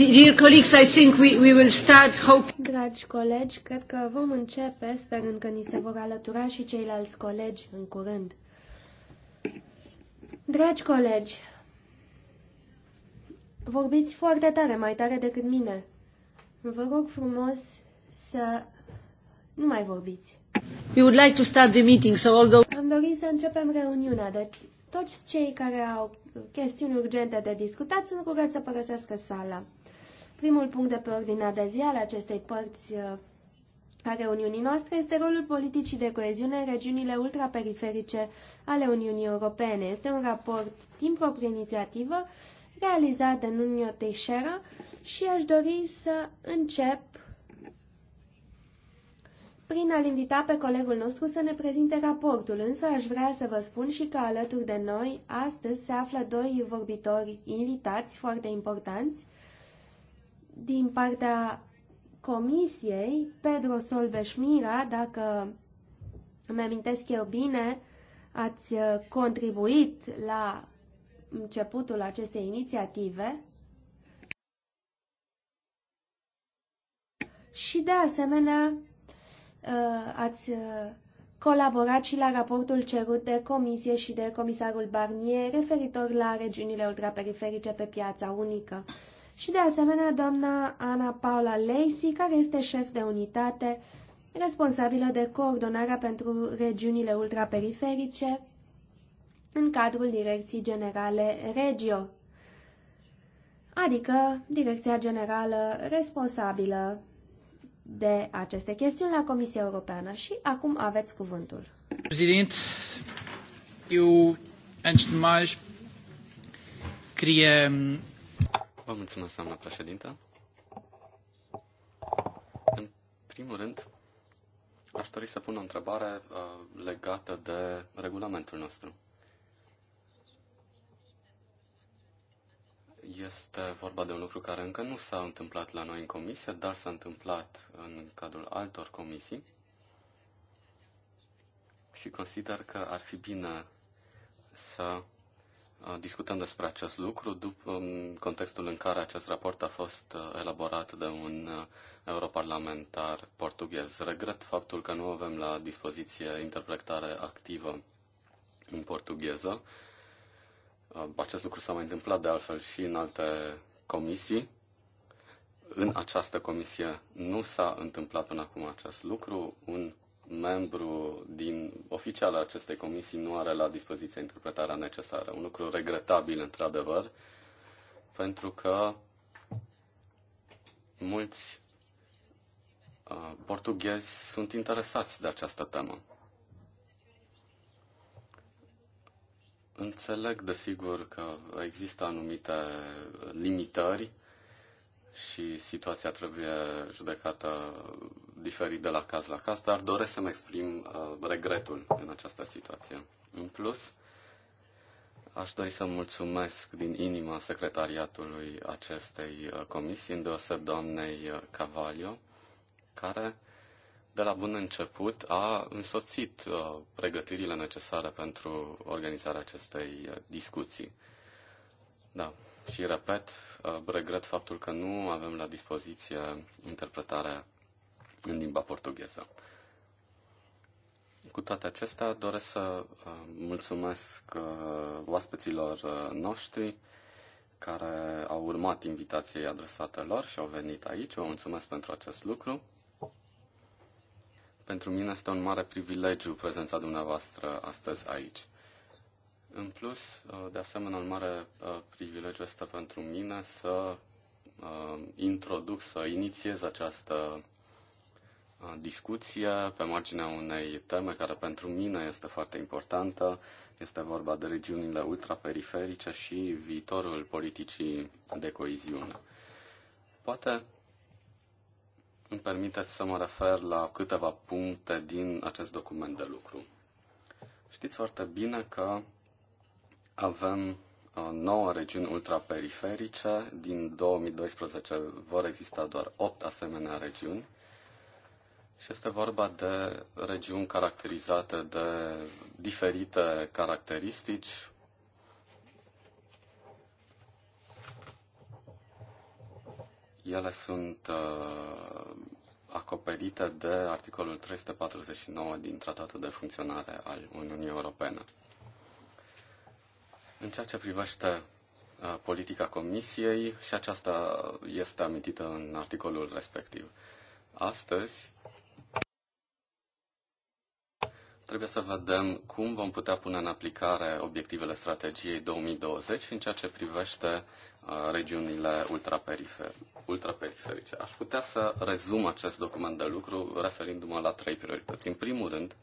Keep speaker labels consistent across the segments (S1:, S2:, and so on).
S1: Dear colleagues, I think we,
S2: we will start hope. Dragi colegi, cred că vom începe, sperând că ni se vor alătura și ceilalți colegi în curând. Dragi colegi, vorbiți foarte tare, mai tare decât mine. Vă rog frumos să nu mai vorbiți.
S3: We would like to start the meeting, so although...
S2: Am dorit să începem reuniunea, deci toți cei care au chestiuni urgente de discutat sunt rugați să părăsească sala. Primul punct de pe ordinea de zi al acestei părți uh, a reuniunii noastre este rolul politicii de coeziune în regiunile ultraperiferice ale Uniunii Europene. Este un raport din proprie inițiativă realizat de Nunio Teixeira și aș dori să încep prin a-l invita pe colegul nostru să ne prezinte raportul, însă aș vrea să vă spun și că alături de noi astăzi se află doi vorbitori invitați foarte importanți, din partea comisiei, Pedro Solbeș Mira, dacă îmi amintesc eu bine, ați uh, contribuit la începutul acestei inițiative și, de asemenea, uh, ați uh, colaborat și la raportul cerut de comisie și de comisarul Barnier referitor la regiunile ultraperiferice pe piața unică și de asemenea doamna Ana Paula Lacey, care este șef de unitate responsabilă de coordonarea pentru regiunile ultraperiferice în cadrul Direcției Generale Regio, adică Direcția Generală responsabilă de aceste chestiuni la Comisia Europeană. Și acum aveți cuvântul.
S3: Președinte, eu, antes mai,
S1: Vă mulțumesc, doamna președintă. În primul rând, aș dori să pun o întrebare uh, legată de regulamentul nostru. Este vorba de un lucru care încă nu s-a întâmplat la noi în comisie, dar s-a întâmplat în cadrul altor comisii și consider că ar fi bine să Uh, discutăm despre acest lucru după, contextul în care acest raport a fost uh, elaborat de un uh, europarlamentar portughez. Regret faptul că nu avem la dispoziție interpretare activă în portugheză. Acest lucru s-a mai întâmplat de altfel și în alte comisii. În această comisie nu s-a întâmplat până acum acest lucru. Un membru din oficial al acestei comisii nu are la dispoziție interpretarea necesară. Un lucru regretabil, într-adevăr, pentru că mulți uh, portughezi sunt interesați de această temă. Înțeleg, desigur, că există anumite limitări și situația trebuie judecată diferit de la caz la caz, dar doresc să-mi exprim uh, regretul în această situație. În plus, aș dori să mulțumesc din inimă secretariatului acestei uh, comisii, îndeoseb doamnei uh, Cavalio, care de la bun început a însoțit uh, pregătirile necesare pentru organizarea acestei uh, discuții. Da, și repet, uh, regret faptul că nu avem la dispoziție interpretarea în limba portugheză. Cu toate acestea, doresc să uh, mulțumesc uh, oaspeților noștri care au urmat invitației adresate lor și au venit aici. Vă mulțumesc pentru acest lucru. Pentru mine este un mare privilegiu prezența dumneavoastră astăzi aici. În plus, uh, de asemenea, un mare uh, privilegiu este pentru mine să uh, introduc, să inițiez această discuție pe marginea unei teme care pentru mine este foarte importantă. Este vorba de regiunile ultraperiferice și viitorul politicii de coeziune. Poate îmi permiteți să mă refer la câteva puncte din acest document de lucru. Știți foarte bine că avem uh, nouă regiuni ultraperiferice. Din 2012 vor exista doar 8 asemenea regiuni. Și este vorba de regiuni caracterizate de diferite caracteristici. Ele sunt uh, acoperite de articolul 349 din Tratatul de Funcționare al Uniunii Europene. În ceea ce privește uh, politica Comisiei, și aceasta este amintită în articolul respectiv. Astăzi trebuie să vedem cum vom putea pune în aplicare obiectivele strategiei 2020 în ceea ce privește uh, regiunile ultraperifer ultraperiferice. Aș putea să rezum acest document de lucru referindu-mă la trei priorități. În primul rând,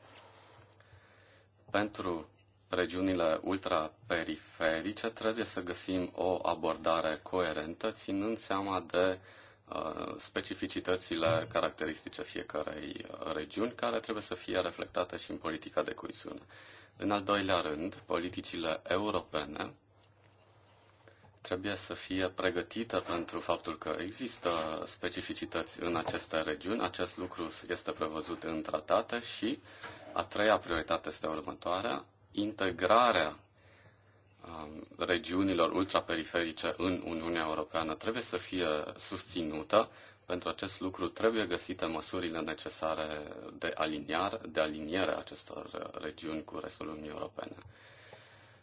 S1: pentru regiunile ultraperiferice, trebuie să găsim o abordare coerentă, ținând seama de uh, specificitățile caracteristice fiecarei uh, regiuni, care trebuie să fie reflectate și în politica de coeziune. În al doilea rând, politicile europene trebuie să fie pregătite pentru faptul că există specificități în aceste regiuni. Acest lucru este prevăzut în tratate și a treia prioritate este următoarea, integrarea um, regiunilor ultraperiferice în Uniunea Europeană trebuie să fie susținută. Pentru acest lucru trebuie găsite măsurile necesare de, aliniere, de aliniere a acestor uh, regiuni cu restul Uniunii Europene.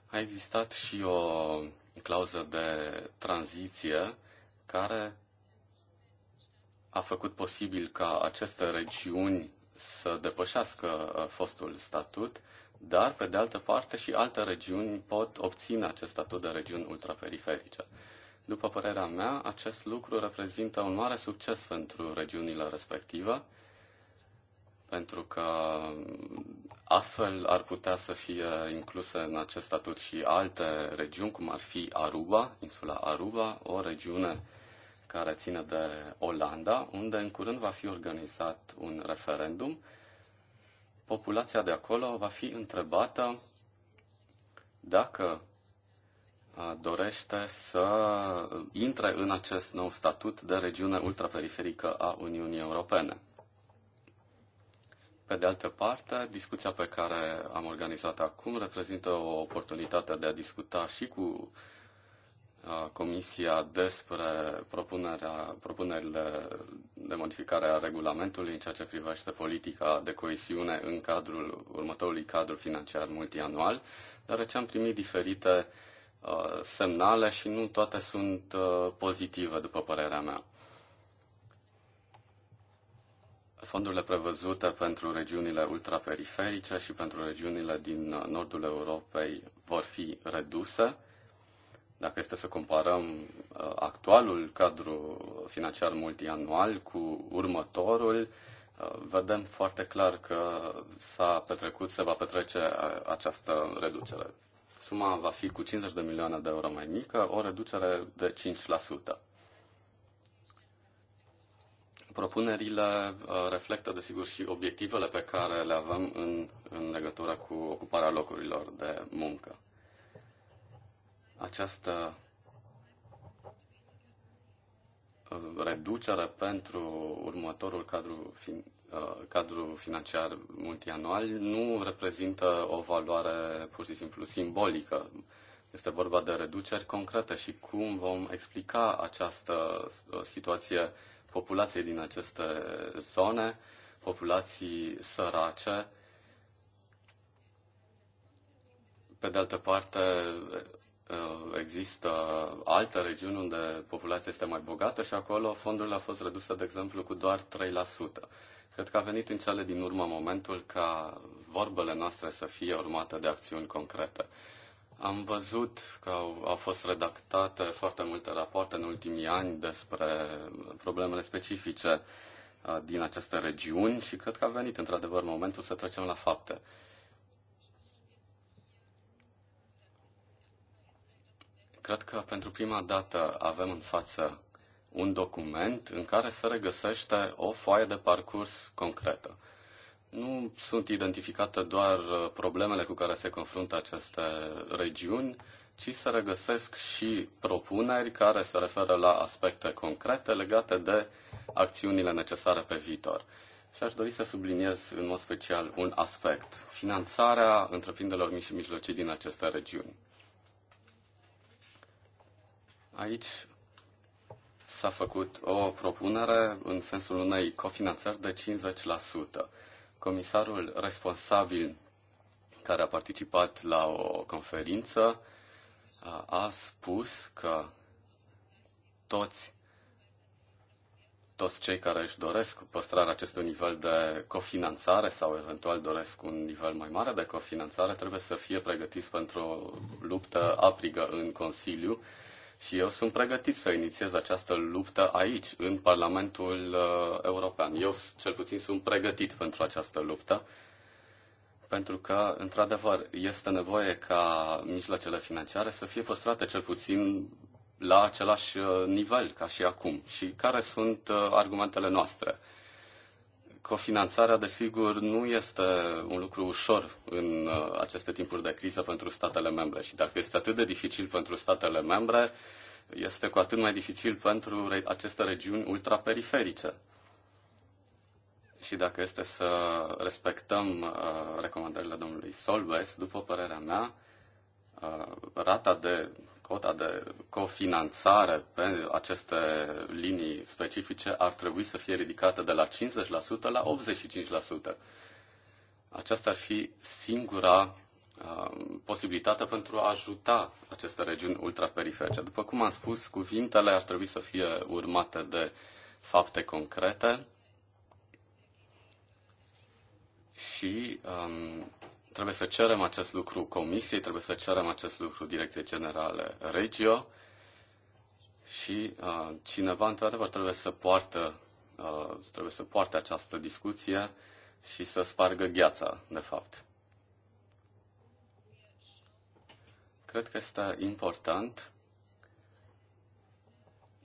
S1: A existat și o clauză de tranziție care a făcut posibil ca aceste regiuni să depășească uh, fostul statut dar, pe de altă parte, și alte regiuni pot obține acest statut de regiuni ultraperiferice. După părerea mea, acest lucru reprezintă un mare succes pentru regiunile respective, pentru că astfel ar putea să fie incluse în acest statut și alte regiuni, cum ar fi Aruba, insula Aruba, o regiune care ține de Olanda, unde în curând va fi organizat un referendum populația de acolo va fi întrebată dacă uh, dorește să uh, intre în acest nou statut de regiune ultraperiferică a Uniunii Europene. Pe de altă parte, discuția pe care am organizat acum reprezintă o oportunitate de a discuta și cu Comisia despre propunerea, propunerile de modificare a regulamentului în ceea ce privește politica de coesiune în cadrul următorului cadru financiar multianual, deoarece am primit diferite uh, semnale și nu toate sunt uh, pozitive, după părerea mea. Fondurile prevăzute pentru regiunile ultraperiferice și pentru regiunile din uh, nordul Europei vor fi reduse dacă este să comparăm uh, actualul cadru financiar multianual cu următorul, uh, vedem foarte clar că s-a petrecut, se va petrece uh, această reducere. Suma va fi cu 50 de milioane de euro mai mică, o reducere de 5%. Propunerile reflectă, desigur, și obiectivele pe care le avem în, în legătură cu ocuparea locurilor de muncă această uh, reducere pentru următorul cadru, fin, uh, cadru financiar multianual nu reprezintă o valoare pur și simplu simbolică. Este vorba de reduceri concrete și cum vom explica această uh, situație populației din aceste zone, populații sărace. Pe de altă parte, Uh, există alte regiuni unde populația este mai bogată și acolo fondurile au fost reduse, de exemplu, cu doar 3%. Cred că a venit în cele din urmă momentul ca vorbele noastre să fie urmate de acțiuni concrete. Am văzut că au, au fost redactate foarte multe rapoarte în ultimii ani despre problemele specifice uh, din aceste regiuni și cred că a venit într-adevăr momentul să trecem la fapte. Cred că pentru prima dată avem în față un document în care se regăsește o foaie de parcurs concretă. Nu sunt identificate doar uh, problemele cu care se confruntă aceste regiuni, ci se regăsesc și propuneri care se referă la aspecte concrete legate de acțiunile necesare pe viitor. Și aș dori să subliniez în mod special un aspect, finanțarea întreprinderilor mici și mijlocii din aceste regiuni. Aici s-a făcut o propunere în sensul unei cofinanțări de 50%. Comisarul responsabil care a participat la o conferință a spus că toți, toți cei care își doresc păstrarea acestui nivel de cofinanțare sau eventual doresc un nivel mai mare de cofinanțare trebuie să fie pregătiți pentru o luptă aprigă în Consiliu și eu sunt pregătit să inițiez această luptă aici, în Parlamentul uh, European. Eu, cel puțin, sunt pregătit pentru această luptă, pentru că, într-adevăr, este nevoie ca mijloacele financiare să fie păstrate cel puțin la același uh, nivel ca și acum. Și care sunt uh, argumentele noastre? Uh, Cofinanțarea, desigur, nu este un lucru ușor în uh, aceste timpuri de criză pentru statele membre și dacă este atât de dificil pentru statele membre, este cu atât mai dificil pentru aceste regiuni ultraperiferice. Și dacă este să respectăm uh, recomandările domnului Solves, după părerea mea, uh, rata de cota de cofinanțare pe aceste linii specifice ar trebui să fie ridicată de la 50% la 85%. Aceasta ar fi singura uh, posibilitate pentru a ajuta aceste regiuni ultraperiferice. După cum am spus, cuvintele ar trebui să fie urmate de fapte concrete și um, Trebuie să cerem acest lucru Comisiei, trebuie să cerem acest lucru Direcției Generale Regio și uh, cineva, într-adevăr, trebuie să poartă, uh, trebuie să poarte această discuție și să spargă gheața, de fapt. Cred că este important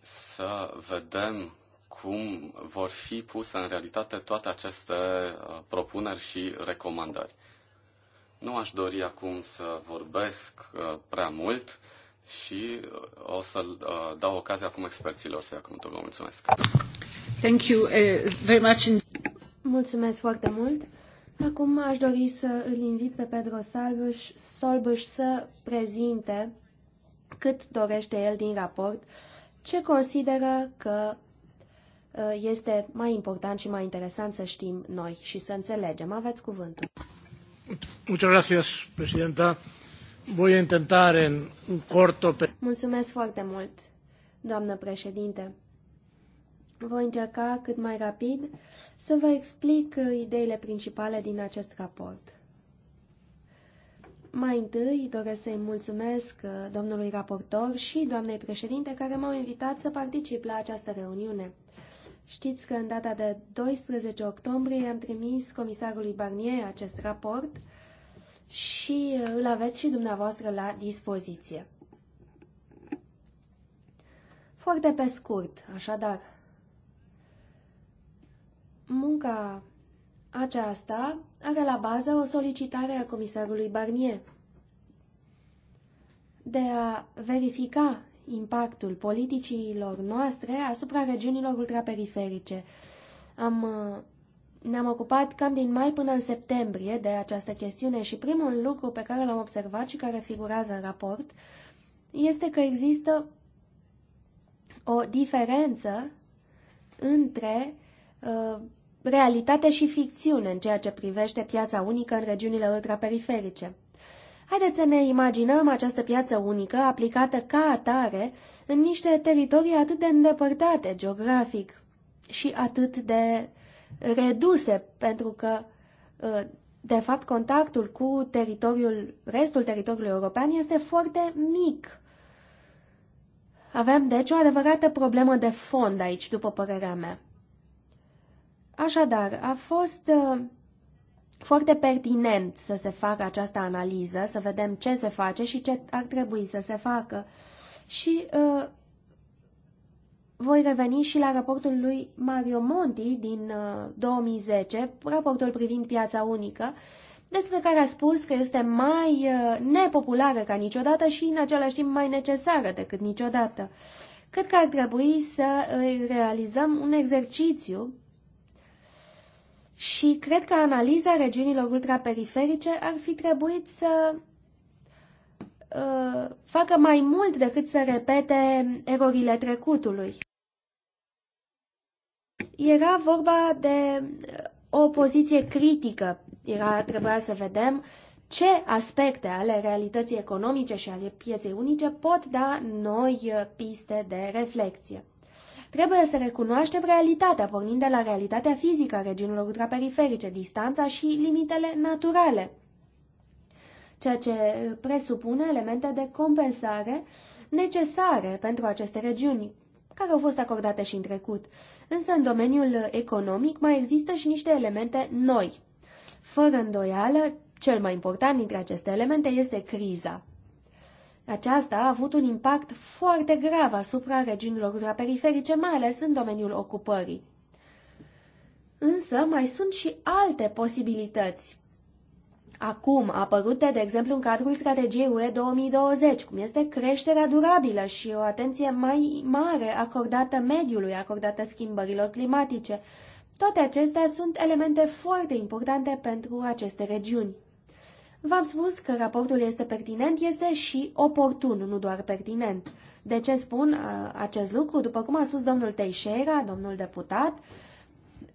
S1: să vedem cum vor fi puse în realitate toate aceste uh, propuneri și recomandări. Nu aș dori acum să vorbesc uh, prea mult și uh, o să uh, dau ocazia acum experților să ia cuvântul. Vă mulțumesc.
S2: Thank you very much. Mulțumesc foarte mult. Acum aș dori să îl invit pe Pedro Salbâș, Solbâș să prezinte cât dorește el din raport, ce consideră că este mai important și mai interesant să știm noi și să înțelegem. Aveți cuvântul. Muchas Voi intentar în un corto... Mulțumesc foarte mult, doamnă președinte. Voi încerca cât mai rapid să vă explic ideile principale din acest raport. Mai întâi doresc să-i mulțumesc domnului raportor și doamnei președinte care m-au invitat să particip la această reuniune. Știți că în data de 12 octombrie am trimis comisarului Barnier acest raport și uh, îl aveți și dumneavoastră la dispoziție. Foarte pe scurt, așadar, munca aceasta are la bază o solicitare a comisarului Barnier de a verifica impactul politicilor noastre asupra regiunilor ultraperiferice. Am, uh, ne-am ocupat cam din mai până în septembrie de această chestiune și primul lucru pe care l-am observat și care figurează în raport este că există o diferență între uh, realitate și ficțiune în ceea ce privește piața unică în regiunile ultraperiferice. Haideți să ne imaginăm această piață unică aplicată ca atare în niște teritorii atât de îndepărtate geografic și atât de reduse, pentru că, ă, de fapt, contactul cu teritoriul, restul teritoriului european este foarte mic. Avem, deci, o adevărată problemă de fond aici, după părerea mea. Așadar, a fost uh, foarte pertinent să se facă această analiză, să vedem ce se face și ce ar trebui să se facă. Și uh, voi reveni și la raportul lui Mario Monti din uh, 2010, raportul privind piața unică, despre care a spus că este mai uh, nepopulară ca niciodată și în același timp mai necesară decât niciodată. Cred că ar trebui să uh, realizăm un exercițiu și cred că analiza regiunilor ultraperiferice ar fi trebuit să uh, facă mai mult decât să repete erorile trecutului. Era vorba de uh, o poziție critică. Era, trebuia să vedem ce aspecte ale realității economice și ale pieței unice pot da noi piste de reflexie. Trebuie să recunoaștem realitatea, pornind de la realitatea fizică a regiunilor ultraperiferice, distanța și limitele naturale, ceea ce presupune elemente de compensare necesare pentru aceste regiuni, care au fost acordate și în trecut. Însă, în domeniul economic mai există și niște elemente noi. Fără îndoială, cel mai important dintre aceste elemente este criza. Aceasta a avut un impact foarte grav asupra regiunilor ultraperiferice, mai ales în domeniul ocupării. Însă mai sunt și alte posibilități. Acum, apărute, de exemplu, în cadrul strategiei UE 2020, cum este creșterea durabilă și o atenție mai mare acordată mediului, acordată schimbărilor climatice, toate acestea sunt elemente foarte importante pentru aceste regiuni. V-am spus că raportul este pertinent, este și oportun, nu doar pertinent. De ce spun uh, acest lucru? După cum a spus domnul Teixeira, domnul deputat,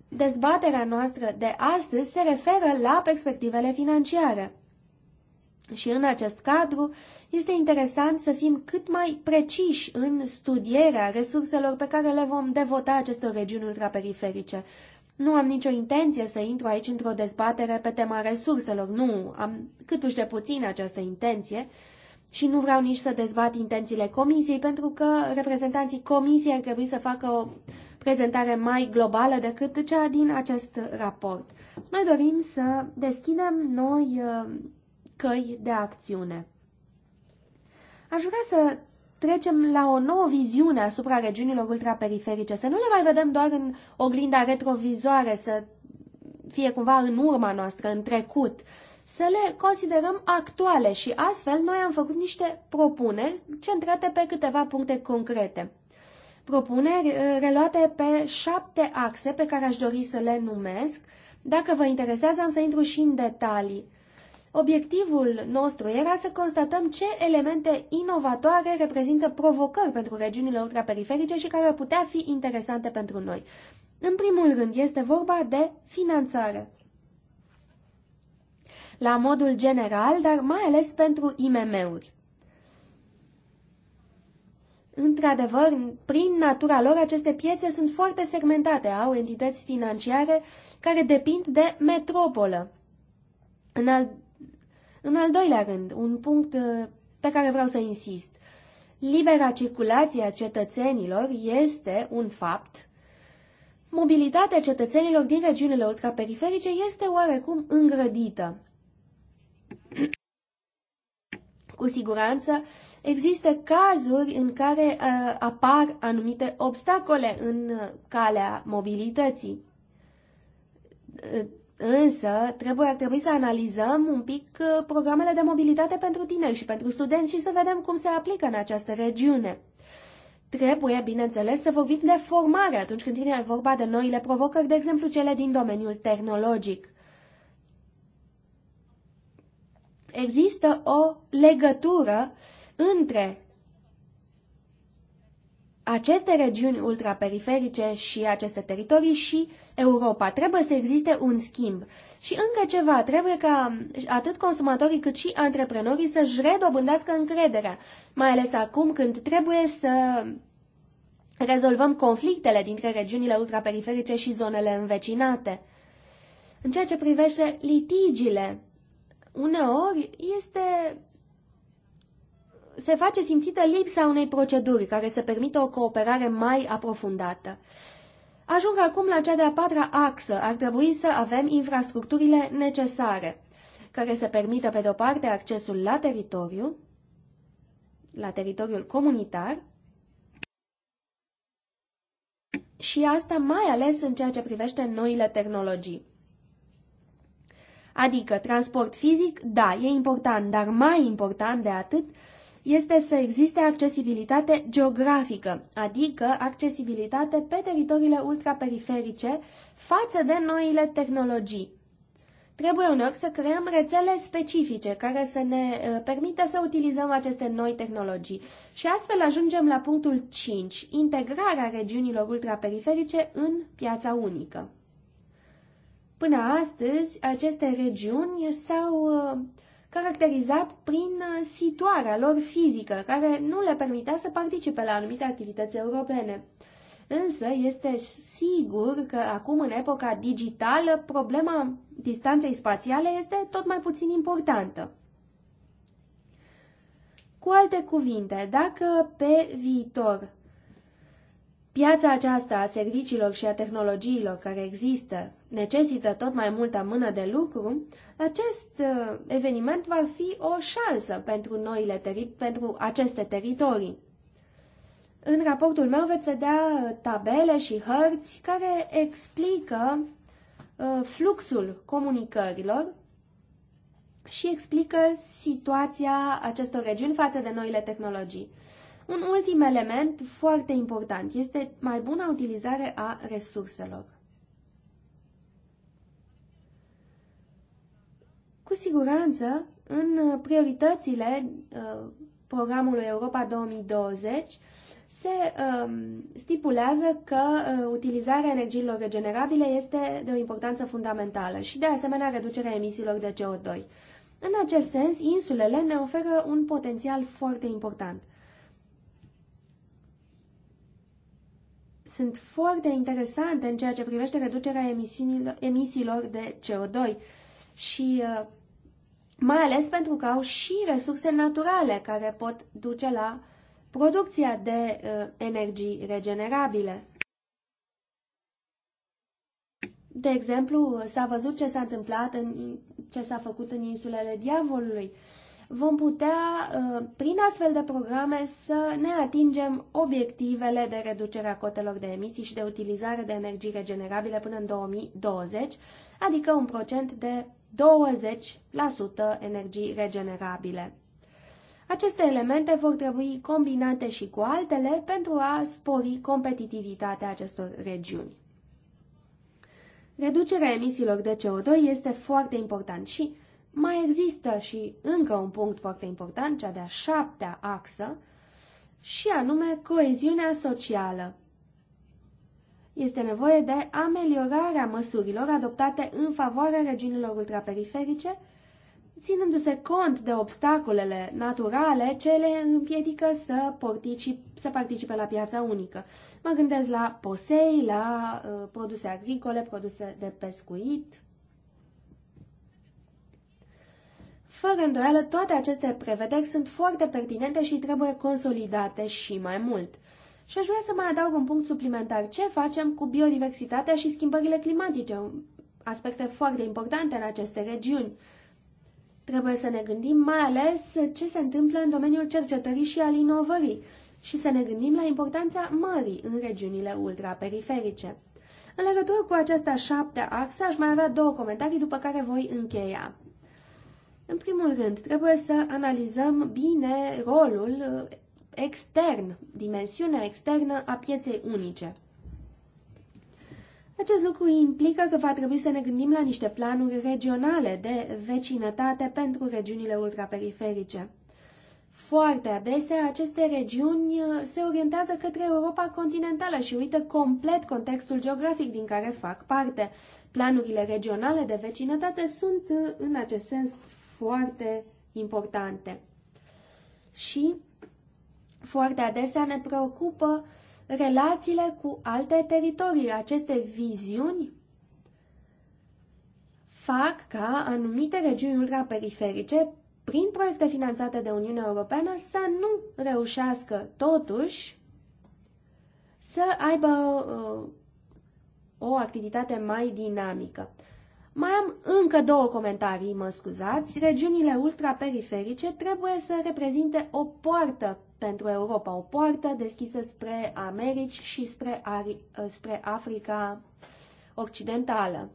S2: dezbaterea noastră de astăzi se referă la perspectivele financiare. Și în acest cadru este interesant să fim cât mai preciși în studierea resurselor pe care le vom devota acestor regiuni ultraperiferice. Nu am nicio intenție să intru aici într-o dezbatere pe tema resurselor, nu, am câtuși de puțin această intenție și nu vreau nici să dezbat intențiile comisiei, pentru că reprezentanții comisiei ar trebui să facă o prezentare mai globală decât cea din acest raport. Noi dorim să deschidem noi uh, căi de acțiune. Aș vrea să trecem la o nouă viziune asupra regiunilor ultraperiferice, să nu le mai vedem doar în oglinda retrovizoare, să fie cumva în urma noastră, în trecut, să le considerăm actuale și astfel noi am făcut niște propuneri centrate pe câteva puncte concrete. Propuneri eh, reluate pe șapte axe pe care aș dori să le numesc. Dacă vă interesează, am să intru și în detalii. Obiectivul nostru era să constatăm ce elemente inovatoare reprezintă provocări pentru regiunile ultraperiferice și care ar putea fi interesante pentru noi. În primul rând, este vorba de finanțare. La modul general, dar mai ales pentru IMM-uri. Într-adevăr, prin natura lor, aceste piețe sunt foarte segmentate, au entități financiare care depind de metropolă. În al în al doilea rând, un punct uh, pe care vreau să insist. Libera circulație a cetățenilor este un fapt. Mobilitatea cetățenilor din regiunile ultraperiferice este oarecum îngrădită. Cu siguranță există cazuri în care uh, apar anumite obstacole în uh, calea mobilității uh, Însă, trebuie, ar trebui să analizăm un pic uh, programele de mobilitate pentru tineri și pentru studenți și să vedem cum se aplică în această regiune. Trebuie, bineînțeles, să vorbim de formare atunci când vine vorba de noile provocări, de exemplu cele din domeniul tehnologic. Există o legătură între aceste regiuni ultraperiferice și aceste teritorii și Europa. Trebuie să existe un schimb. Și încă ceva, trebuie ca atât consumatorii cât și antreprenorii să-și redobândească încrederea, mai ales acum când trebuie să rezolvăm conflictele dintre regiunile ultraperiferice și zonele învecinate. În ceea ce privește litigiile, uneori este se face simțită lipsa unei proceduri care să permită o cooperare mai aprofundată. Ajung acum la cea de-a patra axă. Ar trebui să avem infrastructurile necesare, care să permită, pe de-o parte, accesul la teritoriu, la teritoriul comunitar, și asta mai ales în ceea ce privește noile tehnologii. Adică transport fizic, da, e important, dar mai important de atât, este să existe accesibilitate geografică, adică accesibilitate pe teritoriile ultraperiferice față de noile tehnologii. Trebuie uneori să creăm rețele specifice care să ne uh, permită să utilizăm aceste noi tehnologii. Și astfel ajungem la punctul 5, integrarea regiunilor ultraperiferice în piața unică. Până astăzi, aceste regiuni s-au uh, caracterizat prin uh, situarea lor fizică, care nu le permitea să participe la anumite activități europene. Însă este sigur că acum, în epoca digitală, problema distanței spațiale este tot mai puțin importantă. Cu alte cuvinte, dacă pe viitor Piața aceasta a serviciilor și a tehnologiilor care există necesită tot mai multă mână de lucru, acest uh, eveniment va fi o șansă pentru, noile teri- pentru aceste teritorii. În raportul meu veți vedea uh, tabele și hărți care explică uh, fluxul comunicărilor și explică situația acestor regiuni față de noile tehnologii. Un ultim element foarte important este mai bună utilizare a resurselor. Cu siguranță, în prioritățile uh, programului Europa 2020 se um, stipulează că uh, utilizarea energiilor regenerabile este de o importanță fundamentală și, de asemenea, reducerea emisiilor de CO2. În acest sens, insulele ne oferă un potențial foarte important. sunt foarte interesante în ceea ce privește reducerea emisiilor de CO2 și uh, mai ales pentru că au și resurse naturale care pot duce la producția de uh, energii regenerabile. De exemplu, s-a văzut ce s-a întâmplat, în, ce s-a făcut în insulele diavolului vom putea, uh, prin astfel de programe, să ne atingem obiectivele de reducere a cotelor de emisii și de utilizare de energii regenerabile până în 2020, adică un procent de 20% energii regenerabile. Aceste elemente vor trebui combinate și cu altele pentru a spori competitivitatea acestor regiuni. Reducerea emisiilor de CO2 este foarte important și mai există și încă un punct foarte important, cea de-a șaptea axă, și anume coeziunea socială. Este nevoie de ameliorarea măsurilor adoptate în favoarea regiunilor ultraperiferice, ținându-se cont de obstacolele naturale ce le împiedică să, particip, să participe la piața unică. Mă gândesc la posei, la uh, produse agricole, produse de pescuit, Fără îndoială, toate aceste prevederi sunt foarte pertinente și trebuie consolidate și mai mult. Și aș vrea să mai adaug un punct suplimentar. Ce facem cu biodiversitatea și schimbările climatice? Aspecte foarte importante în aceste regiuni. Trebuie să ne gândim mai ales ce se întâmplă în domeniul cercetării și al inovării și să ne gândim la importanța mării în regiunile ultraperiferice. În legătură cu această șapte axe, aș mai avea două comentarii, după care voi încheia. În primul rând, trebuie să analizăm bine rolul uh, extern, dimensiunea externă a pieței unice. Acest lucru implică că va trebui să ne gândim la niște planuri regionale de vecinătate pentru regiunile ultraperiferice. Foarte adesea, aceste regiuni uh, se orientează către Europa continentală și uită complet contextul geografic din care fac parte. Planurile regionale de vecinătate sunt, uh, în acest sens, foarte importante. Și foarte adesea ne preocupă relațiile cu alte teritorii. Aceste viziuni fac ca anumite regiuni ultraperiferice, prin proiecte finanțate de Uniunea Europeană, să nu reușească totuși să aibă uh, o activitate mai dinamică. Mai am încă două comentarii, mă scuzați. Regiunile ultraperiferice trebuie să reprezinte o poartă pentru Europa, o poartă deschisă spre Americi și spre, Ari, ă, spre Africa Occidentală.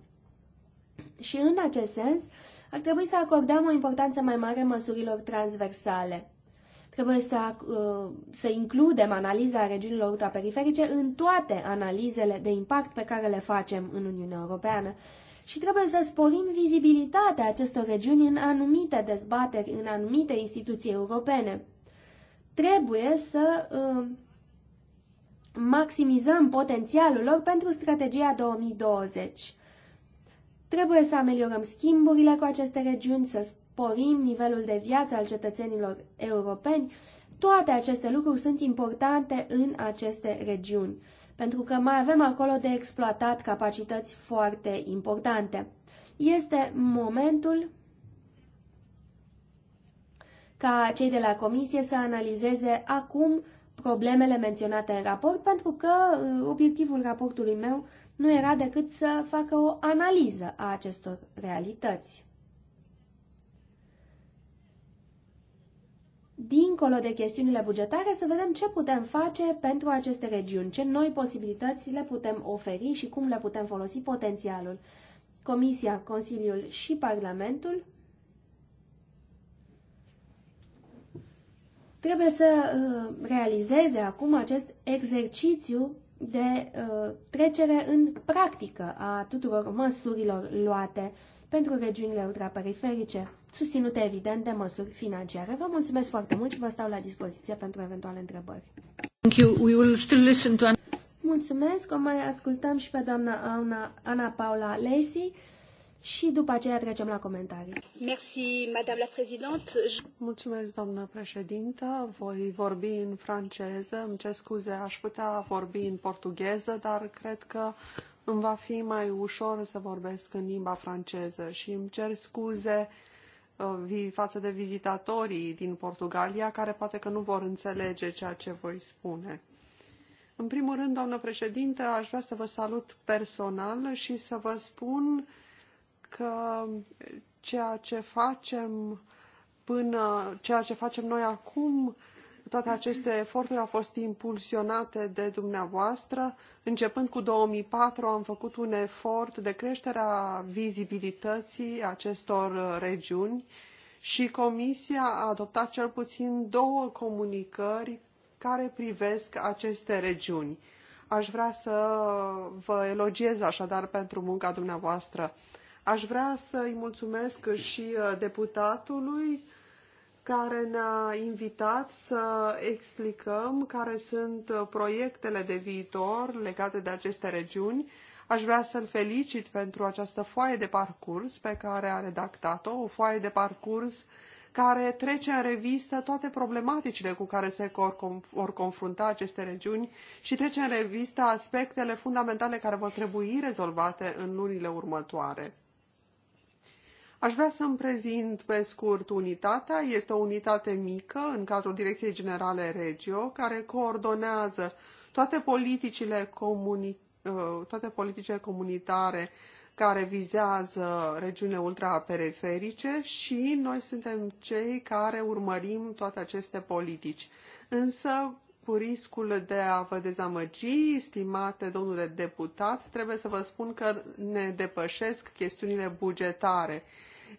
S2: Și în acest sens, ar trebui să acordăm o importanță mai mare măsurilor transversale. Trebuie să, ă, să includem analiza regiunilor ultraperiferice în toate analizele de impact pe care le facem în Uniunea Europeană și trebuie să sporim vizibilitatea acestor regiuni în anumite dezbateri, în anumite instituții europene. Trebuie să uh, maximizăm potențialul lor pentru strategia 2020. Trebuie să ameliorăm schimburile cu aceste regiuni, să sporim nivelul de viață al cetățenilor europeni. Toate aceste lucruri sunt importante în aceste regiuni pentru că mai avem acolo de exploatat capacități foarte importante. Este momentul ca cei de la comisie să analizeze acum problemele menționate în raport, pentru că uh, obiectivul raportului meu nu era decât să facă o analiză a acestor realități. dincolo de chestiunile bugetare, să vedem ce putem face pentru aceste regiuni, ce noi posibilități le putem oferi și cum le putem folosi potențialul. Comisia, Consiliul și Parlamentul trebuie să uh, realizeze acum acest exercițiu de uh, trecere în practică a tuturor măsurilor luate pentru regiunile ultraperiferice susținute evident de măsuri financiare. Vă mulțumesc foarte mult și vă stau la dispoziție pentru eventuale întrebări.
S3: Thank you. We will still listen to...
S2: Mulțumesc, o mai ascultăm și pe doamna Ana, Ana Paula Lacey și după aceea trecem la comentarii.
S3: Merci, Madame la Présidente. Mulțumesc, doamna președintă. Voi vorbi în franceză. Îmi cer scuze, aș putea vorbi în portugheză, dar cred că îmi va fi mai ușor să vorbesc în limba franceză și îmi cer scuze față de vizitatorii din Portugalia, care poate că nu vor înțelege ceea ce voi spune. În primul rând, doamnă președinte aș vrea să vă salut personal și să vă spun că ceea ce facem până ceea ce facem noi acum toate aceste eforturi au fost impulsionate de dumneavoastră. Începând cu 2004 am făcut un efort de creștere a vizibilității acestor uh, regiuni și Comisia a adoptat cel puțin două comunicări care privesc aceste regiuni. Aș vrea să vă elogiez așadar pentru munca dumneavoastră. Aș vrea să-i mulțumesc și uh, deputatului care ne-a invitat să explicăm care sunt uh, proiectele de viitor legate de aceste regiuni. Aș vrea să-l felicit pentru această foaie de parcurs pe care a redactat-o, o foaie de parcurs care trece în revistă toate problematicile cu care se vor confrunta aceste regiuni și trece în revistă aspectele fundamentale care vor trebui rezolvate în lunile următoare. Aș vrea să-mi prezint pe scurt unitatea. Este o unitate mică în cadrul Direcției Generale Regio care coordonează toate politicile, comuni, uh, toate politicile comunitare care vizează regiunile ultraperiferice și noi suntem cei care urmărim toate aceste politici. Însă cu riscul de a vă dezamăgi, stimate domnule deputat, trebuie să vă spun că ne depășesc chestiunile bugetare.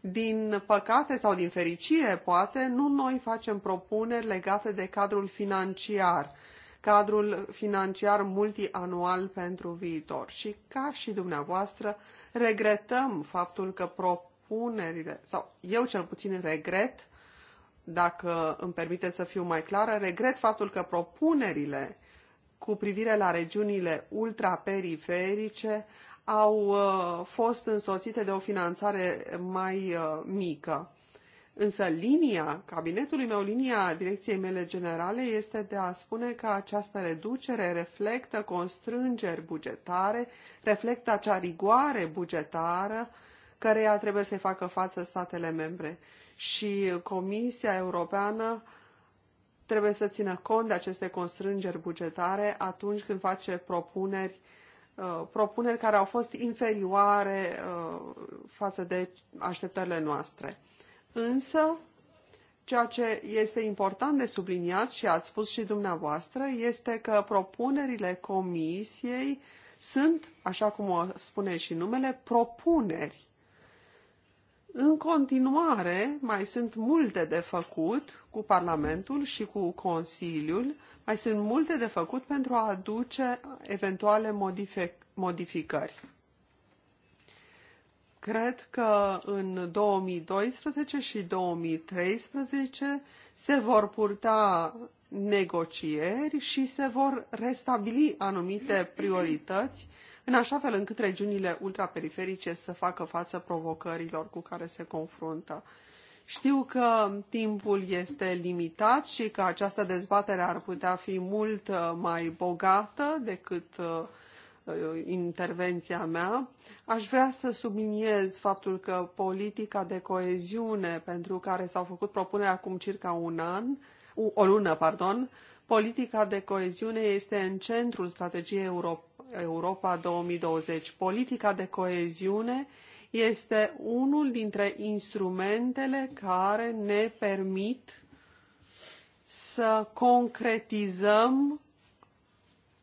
S3: Din păcate sau din fericire, poate, nu noi facem propuneri legate de cadrul financiar, cadrul financiar multianual pentru viitor. Și ca și dumneavoastră, regretăm faptul că propunerile, sau eu cel puțin regret, dacă îmi permiteți să fiu mai clară, regret faptul că propunerile cu privire la regiunile ultraperiferice au uh, fost însoțite de o finanțare mai uh, mică. Însă linia cabinetului meu, linia direcției mele generale este de a spune că această reducere reflectă constrângeri bugetare, reflectă acea rigoare bugetară căreia trebuie să facă față statele membre și Comisia Europeană trebuie să țină cont de aceste constrângeri bugetare atunci când face propuneri uh, propuneri care au fost inferioare uh, față de așteptările noastre. Însă, ceea ce este important de subliniat și ați spus și dumneavoastră este că propunerile comisiei sunt, așa cum o spune și numele, propuneri. În continuare, mai sunt multe de făcut cu Parlamentul și cu Consiliul, mai sunt multe de făcut pentru a aduce eventuale modificări. Cred că în 2012 și 2013 se vor purta negocieri și se vor restabili anumite priorități în așa fel încât regiunile ultraperiferice să facă față provocărilor cu care se confruntă. Știu că timpul este limitat și că această dezbatere ar putea fi mult uh, mai bogată decât uh, uh, intervenția mea. Aș vrea să subliniez faptul că politica de coeziune pentru care s-au făcut propuneri acum circa un an, o lună, pardon, politica de coeziune este în centrul strategiei europene Europa 2020. Politica de coeziune este unul dintre instrumentele care ne permit să concretizăm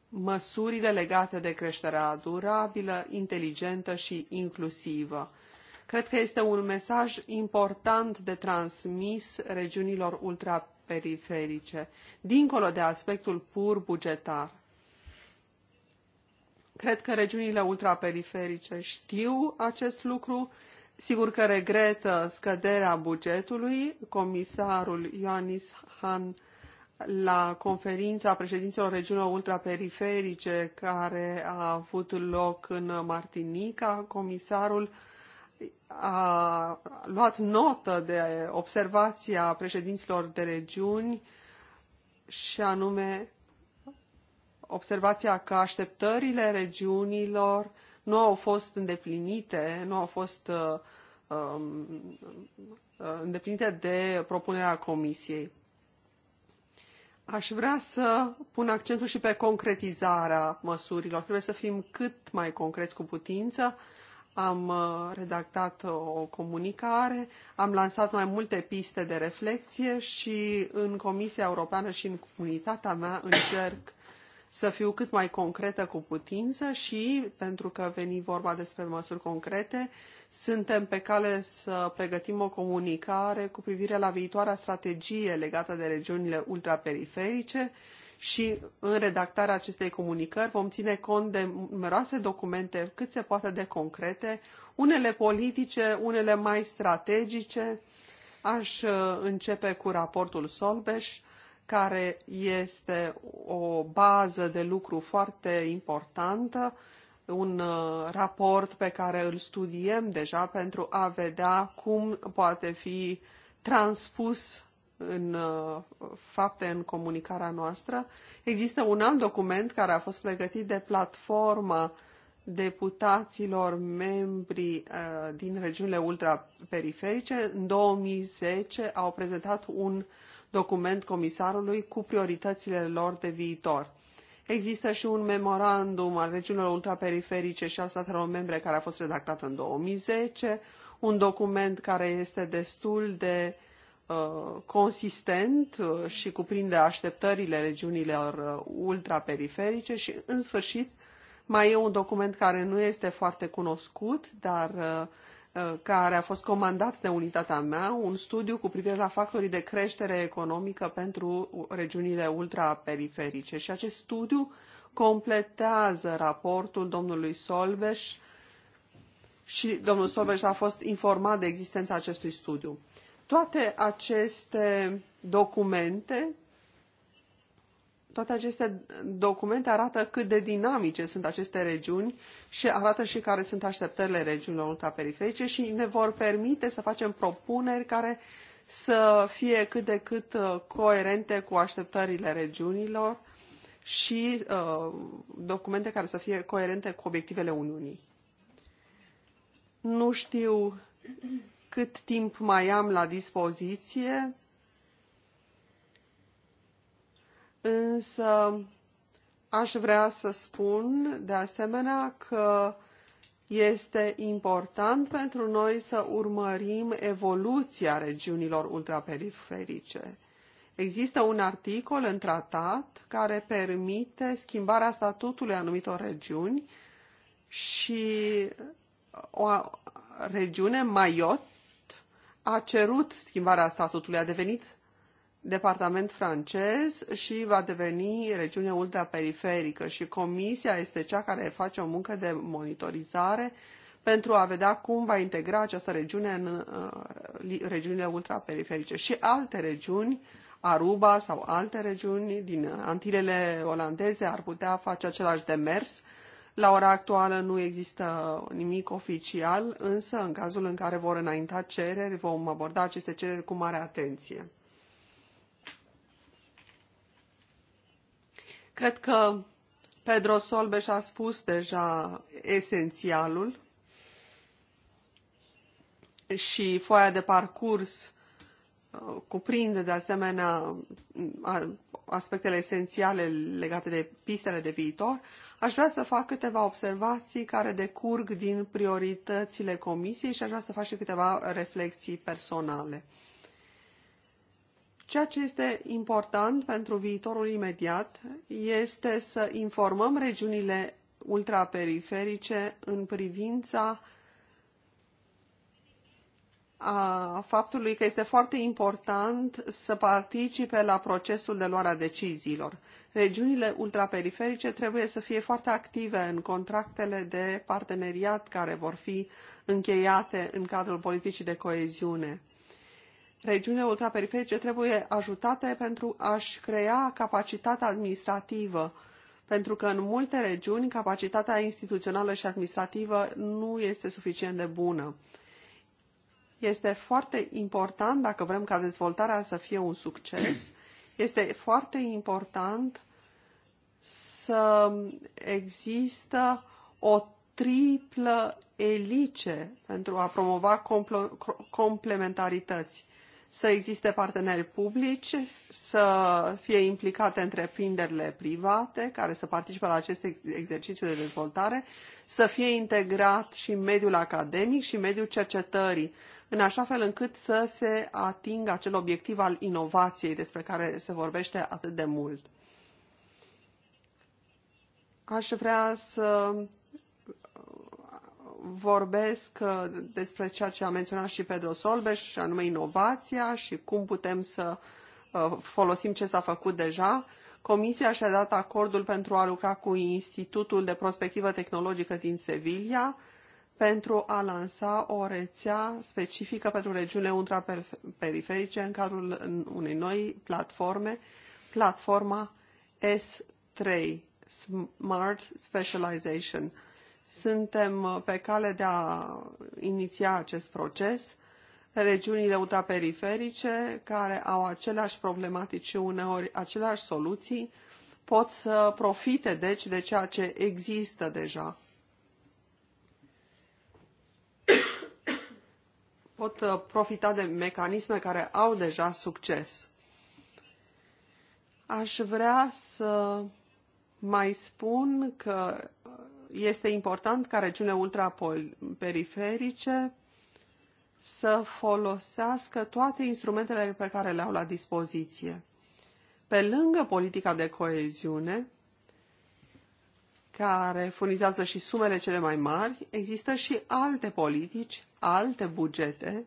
S3: măsurile legate de creșterea durabilă, inteligentă și inclusivă. Cred că este un mesaj important de transmis regiunilor ultraperiferice, dincolo de aspectul pur bugetar. Cred că regiunile ultraperiferice știu acest lucru. Sigur că regretă uh, scăderea bugetului. Comisarul Ioannis Han la conferința președinților regiunilor ultraperiferice care a avut loc în Martinica, comisarul a luat notă de observația președinților de regiuni și anume observația că așteptările regiunilor nu au fost îndeplinite, nu au fost uh, um, îndeplinite de propunerea Comisiei. Aș vrea să pun accentul și pe concretizarea măsurilor. Trebuie să fim cât mai concreți cu putință. Am uh, redactat o comunicare, am lansat mai multe piste de reflexie și în Comisia Europeană și în comunitatea mea încerc să fiu cât mai concretă cu putință și, pentru că veni vorba despre măsuri concrete, suntem pe cale să pregătim o comunicare cu privire la viitoarea strategie legată de regiunile ultraperiferice și în redactarea acestei comunicări vom ține cont de numeroase documente cât se poate de concrete, unele politice, unele mai strategice. Aș uh, începe cu raportul Solbeș, care este o bază de lucru foarte importantă, un uh, raport pe care îl studiem deja pentru a vedea cum poate fi transpus în uh, fapte în comunicarea noastră. Există un alt document care a fost pregătit de platforma deputaților membri uh, din regiunile ultraperiferice. În 2010 au prezentat un document comisarului cu prioritățile lor de viitor. Există și un memorandum al regiunilor ultraperiferice și al statelor membre care a fost redactat în 2010, un document care este destul de uh, consistent uh, și cuprinde așteptările regiunilor uh, ultraperiferice și, în sfârșit, mai e un document care nu este foarte cunoscut, dar uh, Uh, care a fost comandat de unitatea mea, un studiu cu privire la factorii de creștere economică pentru regiunile ultraperiferice. Și acest studiu completează raportul domnului Solveș și domnul Solveș a fost informat de existența acestui studiu. Toate aceste documente toate aceste documente arată cât de dinamice sunt aceste regiuni și arată și care sunt așteptările regiunilor ultraperiferice și ne vor permite să facem propuneri care să fie cât de cât uh, coerente cu așteptările regiunilor și uh, documente care să fie coerente cu obiectivele Uniunii. Nu știu cât timp mai am la dispoziție însă aș vrea să spun de asemenea că este important pentru noi să urmărim evoluția regiunilor ultraperiferice. Există un articol în tratat care permite schimbarea statutului anumitor regiuni și o regiune, Maiot, a cerut schimbarea statutului, a devenit departament francez și va deveni regiune ultraperiferică și comisia este cea care face o muncă de monitorizare pentru a vedea cum va integra această regiune în uh, regiunile ultraperiferice și alte regiuni, Aruba sau alte regiuni din Antilele olandeze ar putea face același demers. La ora actuală nu există nimic oficial, însă în cazul în care vor înainta cereri, vom aborda aceste cereri cu mare atenție. Cred că Pedro Solbeș a spus deja esențialul și foaia de parcurs uh, cuprinde de asemenea mm, aspectele esențiale legate de pistele de viitor, aș vrea să fac câteva observații care decurg din prioritățile comisiei și aș vrea să fac și câteva reflexii personale. Ceea ce este important pentru viitorul imediat este să informăm regiunile ultraperiferice în privința a faptului că este foarte important să participe la procesul de luare a deciziilor. Regiunile ultraperiferice trebuie să fie foarte active în contractele de parteneriat care vor fi încheiate în cadrul politicii de coeziune regiunile ultraperiferice trebuie ajutate pentru a-și crea capacitatea administrativă, pentru că în multe regiuni capacitatea instituțională și administrativă nu este suficient de bună. Este foarte important, dacă vrem ca dezvoltarea să fie un succes, este foarte important să există o triplă elice pentru a promova complementarități să existe parteneri publici, să fie implicate întreprinderile private care să participe la acest exercițiu de dezvoltare, să fie integrat și mediul academic și mediul cercetării, în așa fel încât să se atingă acel obiectiv al inovației despre care se vorbește atât de mult. Aș vrea să vorbesc uh, despre ceea ce a menționat și Pedro Solbeș, și anume inovația și cum putem să uh, folosim ce s-a făcut deja. Comisia și-a dat acordul pentru a lucra cu Institutul de Prospectivă Tehnologică din Sevilla pentru a lansa o rețea specifică pentru regiunile ultraperiferice în cadrul unei noi platforme, platforma S3, Smart Specialization. Suntem uh, pe cale de a iniția acest proces. Regiunile ultraperiferice, care au aceleași problematici și uneori aceleași soluții, pot să profite, deci, de ceea ce există deja. Pot uh, profita de mecanisme care au deja succes. Aș vrea să mai spun că este important ca regiune ultraperiferice să folosească toate instrumentele pe care le-au la dispoziție. Pe lângă politica de coeziune, care furnizează și sumele cele mai mari, există și alte politici, alte bugete,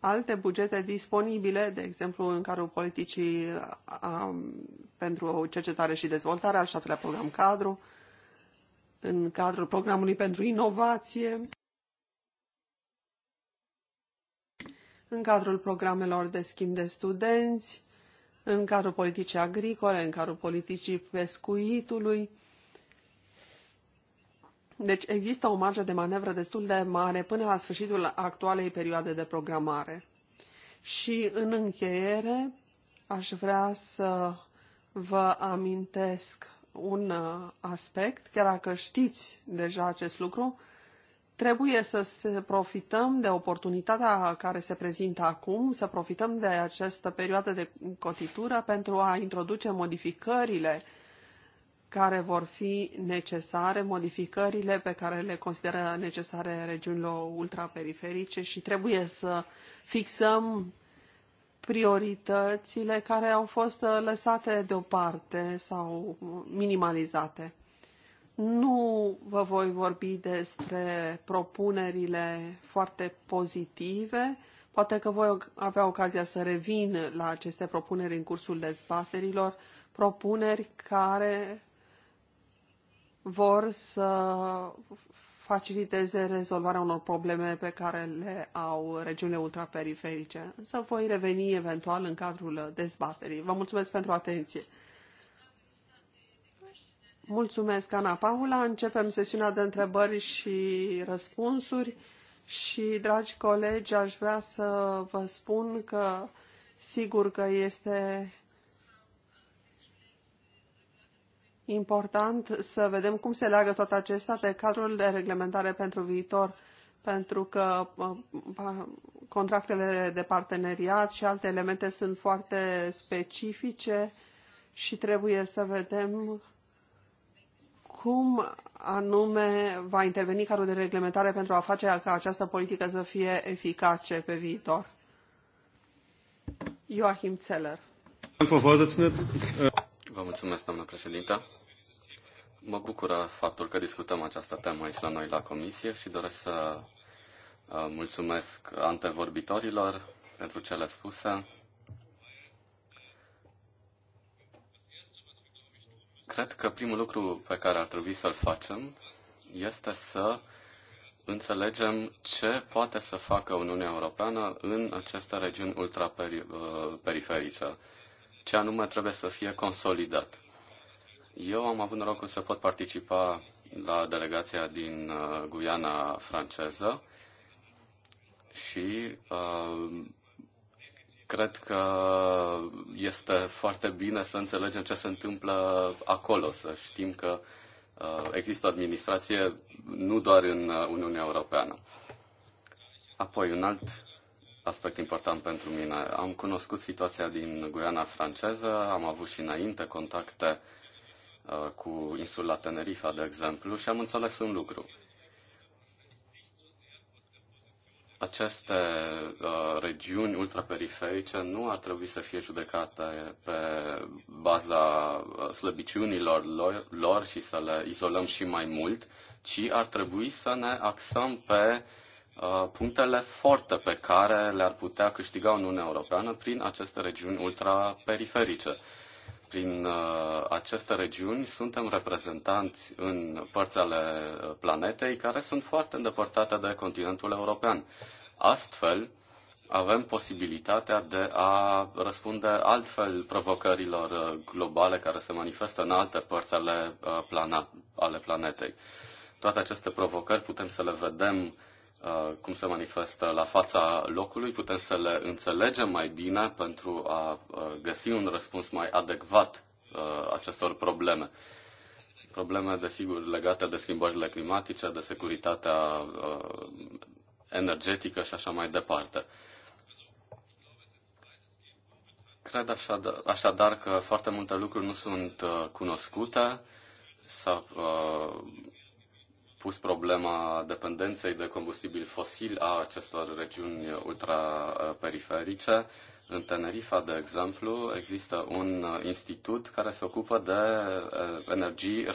S3: alte bugete disponibile, de exemplu în cadrul politicii pentru cercetare și dezvoltare, al șaptelea program cadru, în cadrul programului pentru inovație, în cadrul programelor de schimb de studenți, în cadrul politicii agricole, în cadrul politicii pescuitului. Deci există o marjă de manevră destul de mare până la sfârșitul actualei perioade de programare. Și în încheiere aș vrea să vă amintesc un uh, aspect, chiar dacă știți deja acest lucru, trebuie să profităm de oportunitatea care se prezintă acum, să profităm de această perioadă de cotitură pentru a introduce modificările care vor fi necesare, modificările pe care le consideră necesare regiunilor ultraperiferice și trebuie să fixăm prioritățile care au fost uh, lăsate deoparte sau minimalizate. Nu vă voi vorbi despre propunerile foarte pozitive. Poate că voi avea ocazia să revin la aceste propuneri în cursul dezbaterilor, propuneri care vor să faciliteze rezolvarea unor probleme pe care le au regiunile ultraperiferice. Însă voi reveni eventual în cadrul dezbaterii. Vă mulțumesc pentru atenție. Mulțumesc, Ana Paula. Începem sesiunea de întrebări și răspunsuri și, dragi colegi, aș vrea să vă spun că sigur că este important să vedem cum se leagă tot acesta de cadrul de reglementare pentru viitor, pentru că uh, contractele de parteneriat și alte elemente sunt foarte specifice și trebuie să vedem cum anume va interveni cadrul de reglementare pentru a face ca această politică să fie eficace pe viitor. Joachim Zeller.
S1: Vă mulțumesc, doamnă președintă. Mă bucură faptul că discutăm această temă aici la noi la comisie și doresc să uh, mulțumesc antevorbitorilor pentru cele spuse. Cred că primul lucru pe care ar trebui să-l facem este să înțelegem ce poate să facă Uniunea Europeană în aceste regiuni ultraperiferice. -peri ce anume trebuie să fie consolidat. Eu am avut norocul să pot participa la delegația din uh, Guiana franceză și uh, cred că este foarte bine să înțelegem ce se întâmplă acolo, să știm că uh, există administrație nu doar în uh, Uniunea Europeană. Apoi, un alt aspect important pentru mine. Am cunoscut situația din Guiana franceză, am avut și înainte contacte uh, cu insula Tenerife, de exemplu, și am înțeles un lucru. Aceste uh, regiuni ultraperiferice nu ar trebui să fie judecate pe baza uh, slăbiciunilor lor, lor și să le izolăm și mai mult, ci ar trebui să ne axăm pe uh, Uh, punctele forte pe care le-ar putea câștiga Uniunea Europeană prin aceste regiuni ultraperiferice. Prin uh, aceste regiuni suntem reprezentanți în părți ale uh, planetei care sunt foarte îndepărtate de continentul european. Astfel, avem posibilitatea de a răspunde altfel provocărilor globale care se manifestă în alte părți ale, plana, ale planetei. Toate aceste provocări putem să le vedem Uh, cum se manifestă la fața locului, putem să le înțelegem mai bine pentru a uh, găsi un răspuns mai adecvat uh, acestor probleme. Probleme, desigur, legate de schimbările climatice, de securitatea energetică și așa mai departe. Cred da, așadar că foarte multe lucruri nu sunt cunoscute sau pus problema dependenței de combustibili fosili a acestor regiuni ultraperiferice. În Tenerifa, de exemplu, există un institut care se ocupă de eh, energii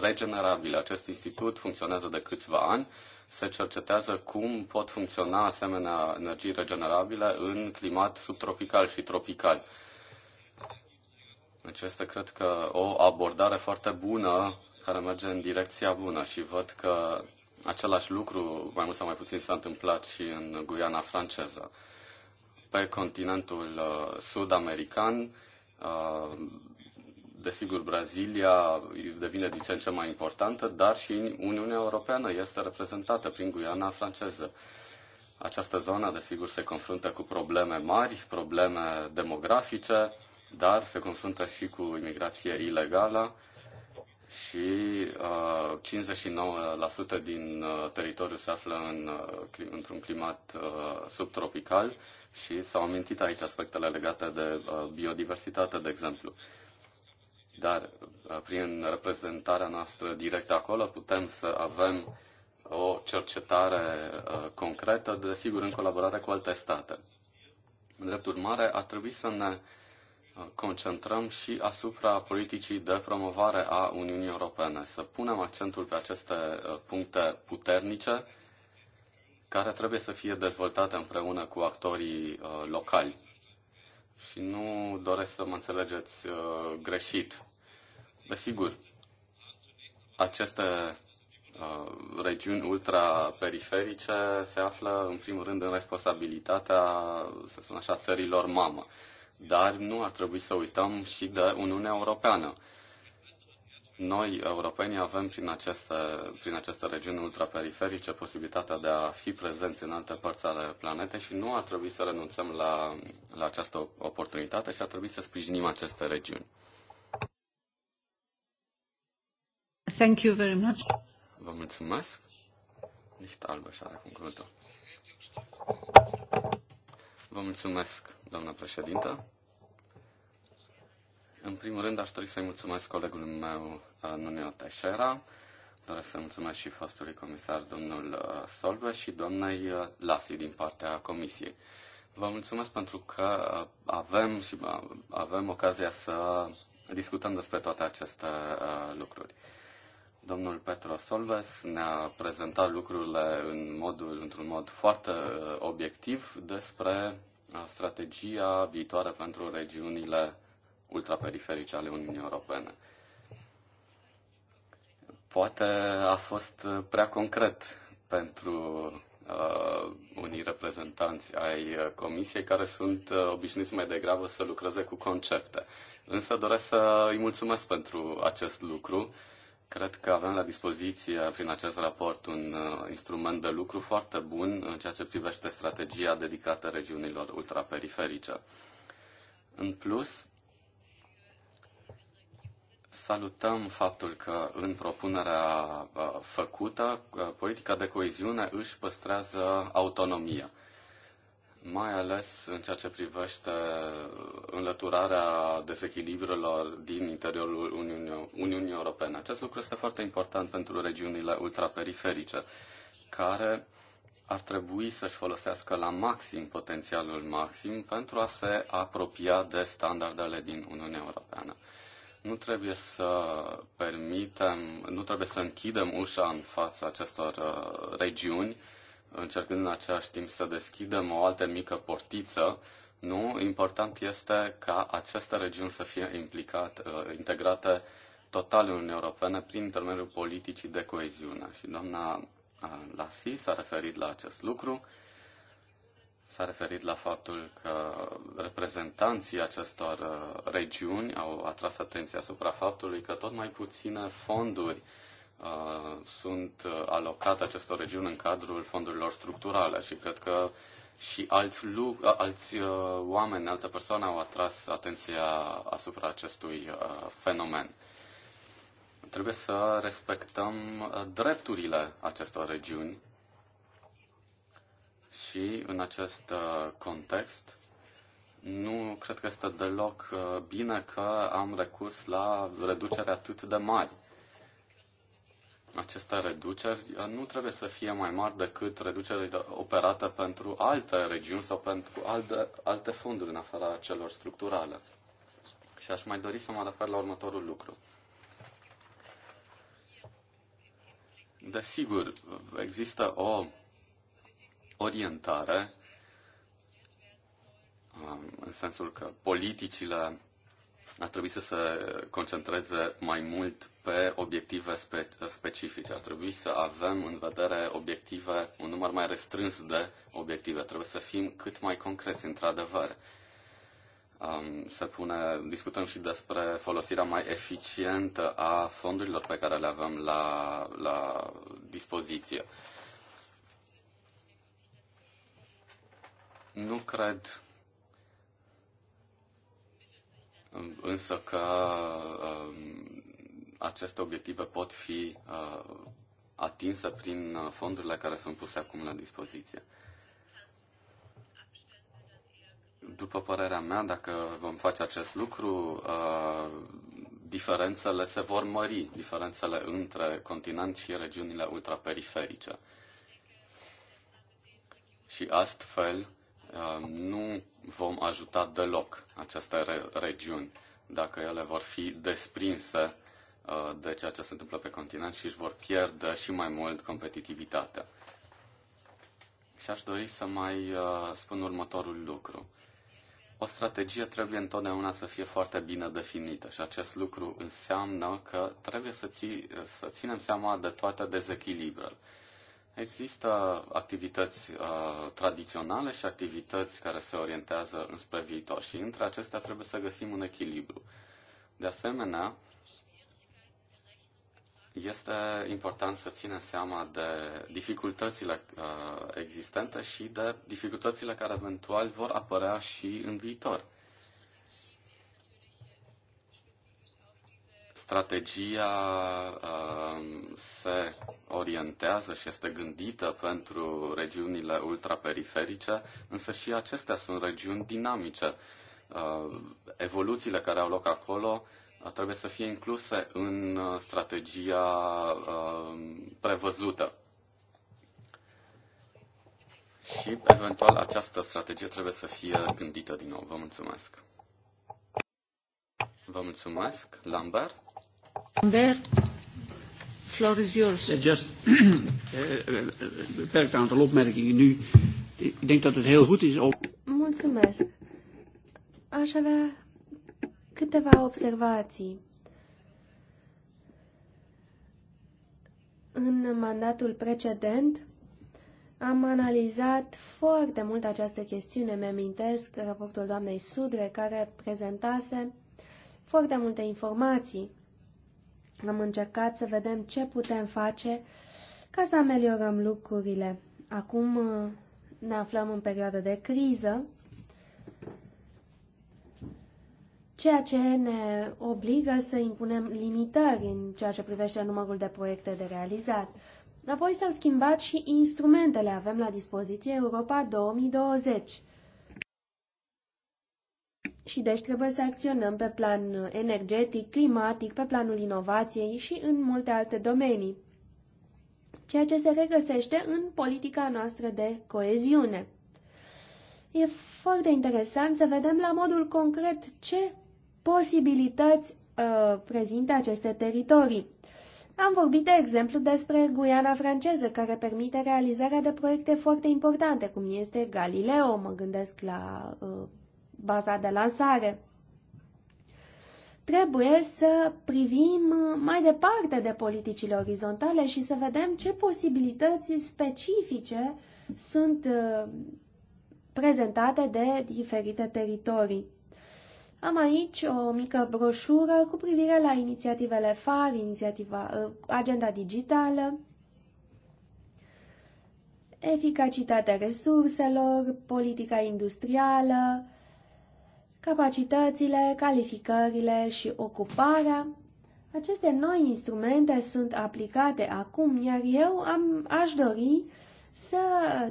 S1: regenerabile. Acest institut funcționează de câțiva ani. Se cercetează cum pot funcționa asemenea energii regenerabile în climat subtropical și tropical. Deci este, cred că, o abordare foarte bună care merge în direcția bună și văd că același lucru, mai mult sau mai puțin, s-a întâmplat și în Guiana franceză. Pe continentul uh, sud-american, uh, desigur, Brazilia devine din ce în ce mai importantă, dar și Uniunea Europeană este reprezentată prin Guiana franceză. Această zonă, desigur, se confruntă cu probleme mari, probleme demografice, dar se confruntă și cu imigrație ilegală și uh, 59% din uh, teritoriu se află în, uh, într-un climat uh, subtropical și s-au amintit aici aspectele legate de uh, biodiversitate, de exemplu. Dar uh, prin reprezentarea noastră directă acolo putem să avem o cercetare uh, concretă, desigur în colaborare cu alte state. În drept urmare, ar trebui să ne uh, concentrăm și asupra politicii de promovare a Uniunii Europene, să punem accentul pe aceste uh, puncte puternice care trebuie să fie dezvoltate împreună cu actorii uh, locali. Și nu doresc să mă înțelegeți uh, greșit. Desigur, aceste regiuni ultraperiferice se află în primul rând în responsabilitatea, să spun așa, țărilor mamă dar nu ar trebui să uităm și de Uniunea Europeană. Noi, europenii, avem prin aceste, prin aceste regiuni ultraperiferice posibilitatea de a fi prezenți în alte părți ale planetei și nu ar trebui să renunțăm la, la această oportunitate și ar trebui să sprijinim aceste regiuni.
S3: Thank you very much.
S1: Vă mulțumesc. Nicht albă și are cuvântul. Vă mulțumesc, doamnă președintă. În primul rând, aș dori să-i mulțumesc colegului meu, uh, Nuneo Teixeira, doresc să mulțumesc și fostului comisar, domnul uh, Solve, și doamnei uh, Lasi din partea comisiei. Vă mulțumesc pentru că avem și avem ocazia să discutăm despre toate aceste lucruri. Domnul Petro Solves ne-a prezentat lucrurile în modul, într-un mod foarte obiectiv despre strategia viitoare pentru regiunile ultraperiferice ale Uniunii Europene. Poate a fost prea concret pentru uh, unii reprezentanți ai Comisiei care sunt uh, obișnuiți mai degrabă să lucreze cu concepte. Însă doresc să îi mulțumesc pentru acest lucru Cred că avem la dispoziție prin acest raport un uh, instrument de lucru foarte bun în ceea ce privește strategia dedicată regiunilor ultraperiferice. În plus, salutăm faptul că în propunerea uh, făcută, uh, politica de coeziune își păstrează autonomia mai ales în ceea ce privește înlăturarea dezechilibrelor din interiorul Uniunii, Uniunii Europene. Acest lucru este foarte important pentru regiunile ultraperiferice, care ar trebui să-și folosească la maxim potențialul maxim pentru a se apropia de standardele din Uniunea Europeană. Nu trebuie să permitem, nu trebuie să închidem ușa în fața acestor uh, regiuni, încercând în același timp să deschidem o altă mică portiță. Nu, important este ca aceste regiuni să fie implicate, uh, integrate total în Uniunea Europeană prin intermediul politicii de coeziune. Și doamna uh, Lasi s-a referit la acest lucru, s-a referit la faptul că reprezentanții acestor uh, regiuni au atras atenția asupra faptului că tot mai puține fonduri uh, Uh, sunt uh, alocate acestor regiuni în cadrul fondurilor structurale și cred că și alți, lu- uh, alți oameni, alte persoane au atras atenția asupra acestui fenomen. Trebuie să respectăm drepturile acestor regiuni și în acest context nu cred că este deloc bine că am recurs la reducere atât de mari aceste reduceri nu trebuie să fie mai mari decât reducerile operate pentru alte regiuni sau pentru alte, alte fonduri în afara celor structurale. Și aș mai dori să mă refer la următorul lucru. Desigur, există o orientare um, în sensul că politicile ar trebui să se concentreze mai mult pe obiective spe- specifice. Ar trebui să avem în vedere obiective, un număr mai restrâns de obiective. Trebuie să fim cât mai concreți, într-adevăr. Um, se pune, discutăm și despre folosirea mai eficientă a fondurilor pe care le avem la, la dispoziție. Nu cred însă că um, aceste obiective pot fi uh, atinse prin uh, fondurile care sunt puse acum la dispoziție. După părerea mea, dacă vom face acest lucru, uh, diferențele se vor mări, diferențele între continent și regiunile ultraperiferice. Și astfel, Uh, nu vom ajuta deloc aceste re- regiuni dacă ele vor fi desprinse uh, de ceea ce se întâmplă pe continent și își vor pierde și mai mult competitivitatea. Și aș dori să mai uh, spun următorul lucru. O strategie trebuie întotdeauna să fie foarte bine definită și acest lucru înseamnă că trebuie să, ții, să ținem seama de toate dezechilibrele. Există activități uh, tradiționale și activități care se orientează înspre viitor și între acestea trebuie să găsim un echilibru. De asemenea, este important să ținem seama de dificultățile uh, existente și de dificultățile care eventual vor apărea și în viitor. Strategia uh, se orientează și este gândită pentru regiunile ultraperiferice, însă și acestea sunt regiuni dinamice. Uh, evoluțiile care au loc acolo uh, trebuie să fie incluse în uh, strategia uh, prevăzută. Și, eventual, această strategie trebuie să fie gândită din nou. Vă mulțumesc! Vă mulțumesc. Lambert? Lambert? Floor is yours. Eh, just beperkt eh, eh, aantal opmerkingen nu. Ik denk dat het heel goed is om...
S2: Mulțumesc. Aș avea câteva observații. În mandatul precedent am analizat foarte mult această chestiune. Mi-amintesc raportul doamnei Sudre care prezentase foarte multe informații. Am încercat să vedem ce putem face ca să ameliorăm lucrurile. Acum uh, ne aflăm în perioadă de criză, ceea ce ne obligă să impunem limitări în ceea ce privește numărul de proiecte de realizat. Apoi s-au schimbat și instrumentele. Avem la dispoziție Europa 2020. Și deci trebuie să acționăm pe plan energetic, climatic, pe planul inovației și în multe alte domenii, ceea ce se regăsește în politica noastră de coeziune. E foarte interesant să vedem la modul concret ce posibilități uh, prezintă aceste teritorii. Am vorbit, de exemplu, despre Guiana franceză, care permite realizarea de proiecte foarte importante, cum este Galileo, mă gândesc la uh, baza de lansare. Trebuie să privim mai departe de politicile orizontale și să vedem ce posibilități specifice sunt uh, prezentate de diferite teritorii. Am aici o mică broșură cu privire la inițiativele FAR, inițiativa, uh, agenda digitală, eficacitatea resurselor, politica industrială, capacitățile, calificările și ocuparea. Aceste noi instrumente sunt aplicate acum, iar eu am, aș dori să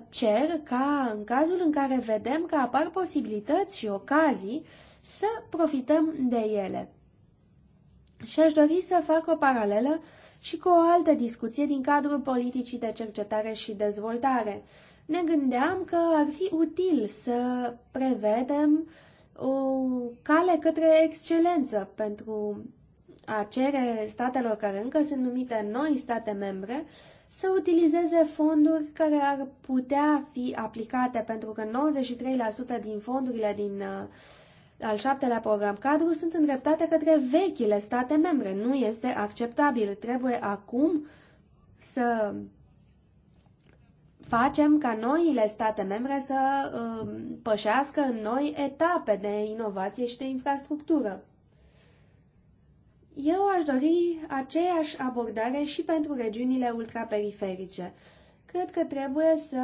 S2: cer ca, în cazul în care vedem că apar posibilități și ocazii, să profităm de ele. Și aș dori să fac o paralelă și cu o altă discuție din cadrul politicii de cercetare și dezvoltare. Ne gândeam că ar fi util să prevedem uh, o cale către excelență pentru a cere statelor care încă sunt numite noi state membre să utilizeze fonduri care ar putea fi aplicate, pentru că 93% din fondurile din uh, al șaptelea program cadru sunt îndreptate către vechile state membre. Nu este acceptabil. Trebuie acum să facem ca noile state membre să um, pășească în noi etape de inovație și de infrastructură. Eu aș dori aceeași abordare și pentru regiunile ultraperiferice. Cred că trebuie să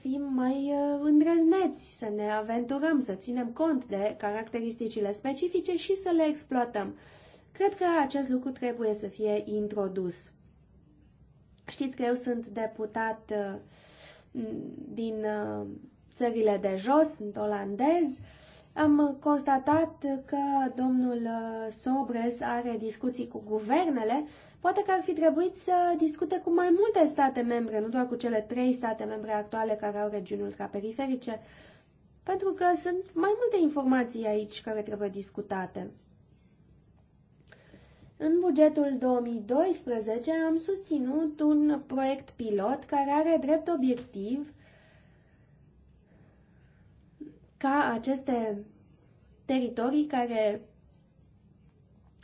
S2: fim mai uh, îndrăzneți, să ne aventurăm, să ținem cont de caracteristicile specifice și să le exploatăm. Cred că acest lucru trebuie să fie introdus. Știți că eu sunt deputat uh, din uh, țările de jos, sunt olandez. Am constatat că domnul uh, Sobres are discuții cu guvernele. Poate că ar fi trebuit să discute cu mai multe state membre, nu doar cu cele trei state membre actuale care au regiunul ca periferice, pentru că sunt mai multe informații aici care trebuie discutate. În bugetul 2012 am susținut un proiect pilot care are drept obiectiv ca aceste teritorii care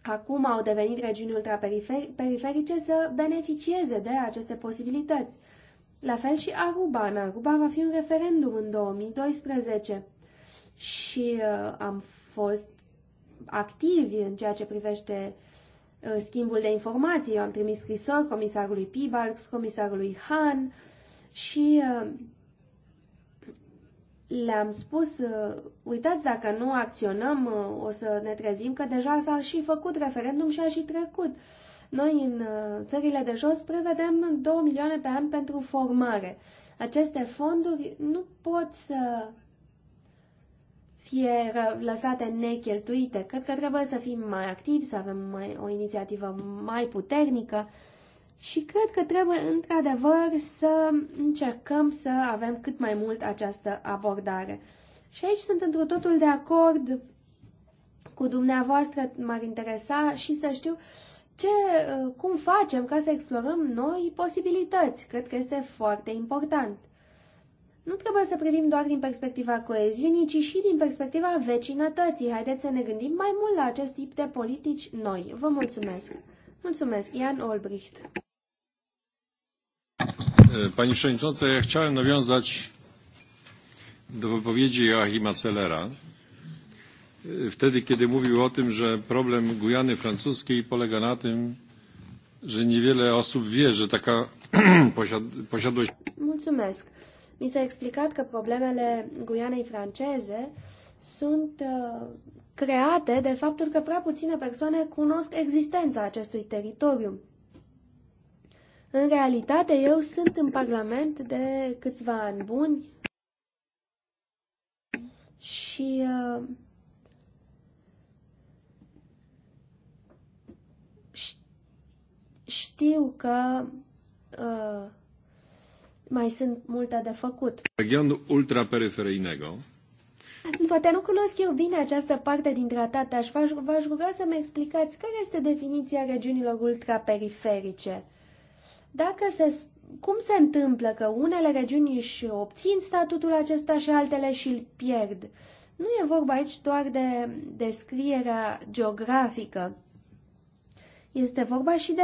S2: acum au devenit regiuni ultraperiferice să beneficieze de aceste posibilități. La fel și Aruba. În Aruba va fi un referendum în 2012 și uh, am fost activi în ceea ce privește uh, Uh, schimbul de informații. Eu am trimis scrisori comisarului Pibalx, comisarului Han și uh, le-am spus, uh, uitați, dacă nu acționăm, o să ne trezim că deja s-a și făcut referendum și a și trecut. Noi în țările de jos prevedem 2 milioane pe an pentru formare. Aceste fonduri nu pot să fie lăsate necheltuite. Cred că trebuie să fim mai activi, să avem mai, o inițiativă mai puternică și cred că trebuie într-adevăr să încercăm să avem cât mai mult această abordare. Și aici sunt într totul de acord cu dumneavoastră, m-ar interesa și să știu ce, cum facem ca să explorăm noi posibilități. Cred că este foarte important. Nu trebuie să privim doar din perspectiva coeziunii, ci și din perspectiva vecinătății. Haideți să ne gândim mai mult la acest tip de politici noi. Vă mulțumesc! Mulțumesc, Ian Olbricht.
S3: Pani Przewodnicząca, ja chciałem nawiązać do wypowiedzi Joachima Celera, wtedy kiedy mówił o tym, że problem Gujany Francuskiej polega na tym, że niewiele osób wie, że taka
S1: posiadłość...
S2: Mulțumesc. Mi s-a explicat că problemele Guianei franceze sunt uh, create de faptul că prea puține persoane cunosc existența acestui teritoriu. În realitate, eu sunt în Parlament de câțiva ani buni și uh, știu că uh, mai sunt multe de făcut.
S3: Regionul ultraperiferinego.
S2: Poate nu cunosc eu bine această parte din tratat, aș v-aș ruga să-mi explicați care este definiția regiunilor ultraperiferice. Dacă se, cum se întâmplă că unele regiuni își obțin statutul acesta și altele și îl pierd? Nu e vorba aici doar de descrierea geografică. Este vorba și de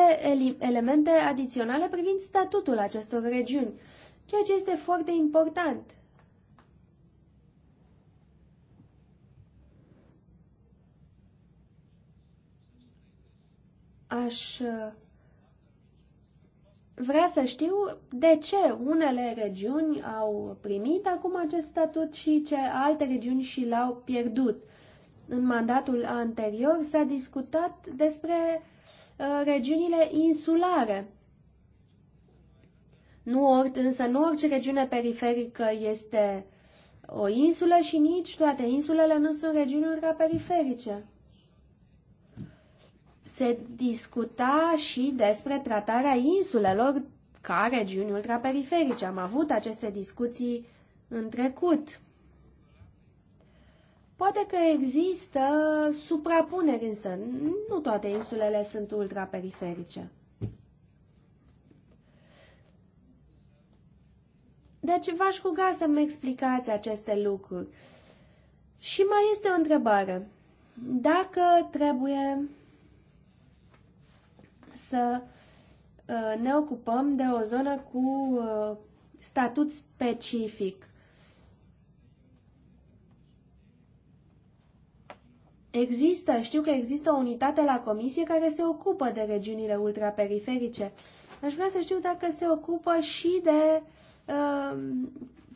S2: elemente adiționale privind statutul acestor regiuni, ceea ce este foarte important. Aș uh, vrea să știu de ce unele regiuni au primit acum acest statut și ce alte regiuni și l-au pierdut. În mandatul anterior s-a discutat despre Uh, regiunile insulare. Nu or, însă nu orice regiune periferică este o insulă și nici toate insulele nu sunt regiuni ultraperiferice. Se discuta și despre tratarea insulelor ca regiuni ultraperiferice. Am avut aceste discuții în trecut. Poate că există suprapuneri, însă nu toate insulele sunt ultraperiferice. Deci v-aș ruga să-mi explicați aceste lucruri. Și mai este o întrebare. Dacă trebuie să uh, ne ocupăm de o zonă cu uh, statut specific, Există, știu că există o unitate la comisie care se ocupă de regiunile ultraperiferice. Aș vrea să știu dacă se ocupă și de uh,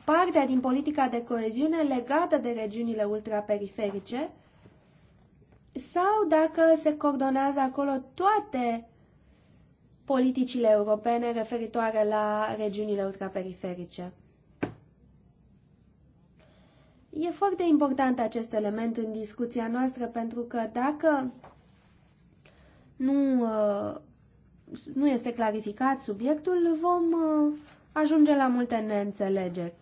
S2: partea din politica de coeziune legată de regiunile ultraperiferice sau dacă se coordonează acolo toate politicile europene referitoare la regiunile ultraperiferice. E foarte important acest element în discuția noastră pentru că dacă nu, uh, nu este clarificat subiectul, vom uh, ajunge la multe neînțelegeri.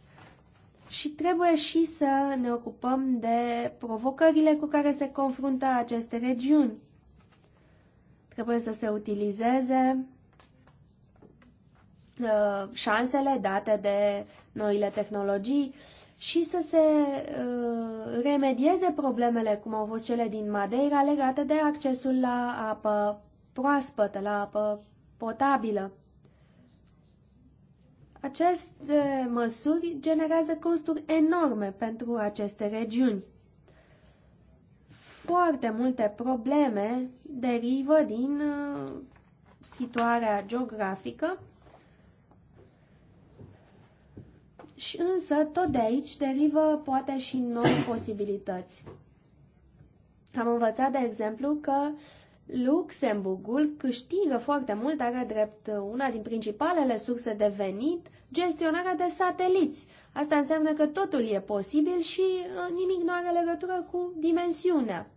S2: Și trebuie și să ne ocupăm de provocările cu care se confruntă aceste regiuni. Trebuie să se utilizeze uh, șansele date de noile tehnologii, și să se uh, remedieze problemele, cum au fost cele din Madeira, legate de accesul la apă proaspătă, la apă potabilă. Aceste măsuri generează costuri enorme pentru aceste regiuni. Foarte multe probleme derivă din uh, situarea geografică Și însă, tot de aici derivă poate și noi posibilități. Am învățat, de exemplu, că Luxemburgul câștigă foarte mult, are drept una din principalele surse de venit gestionarea de sateliți. Asta înseamnă că totul e posibil și uh, nimic nu are legătură cu dimensiunea.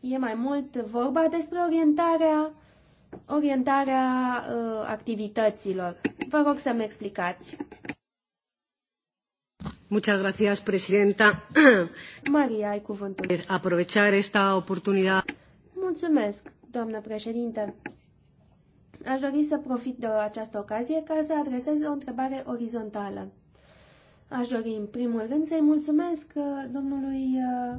S2: E mai mult vorba despre orientarea, orientarea uh, activităților. Vă rog să-mi
S3: explicați. Muchas gracias, presidenta.
S2: Maria, ai cuvântul.
S1: Aprovechar esta oportunidad.
S2: Mulțumesc, doamnă președinte. Aș dori să profit de această ocazie ca să adresez o întrebare orizontală. Aș dori, în primul rând, să-i mulțumesc uh, domnului uh,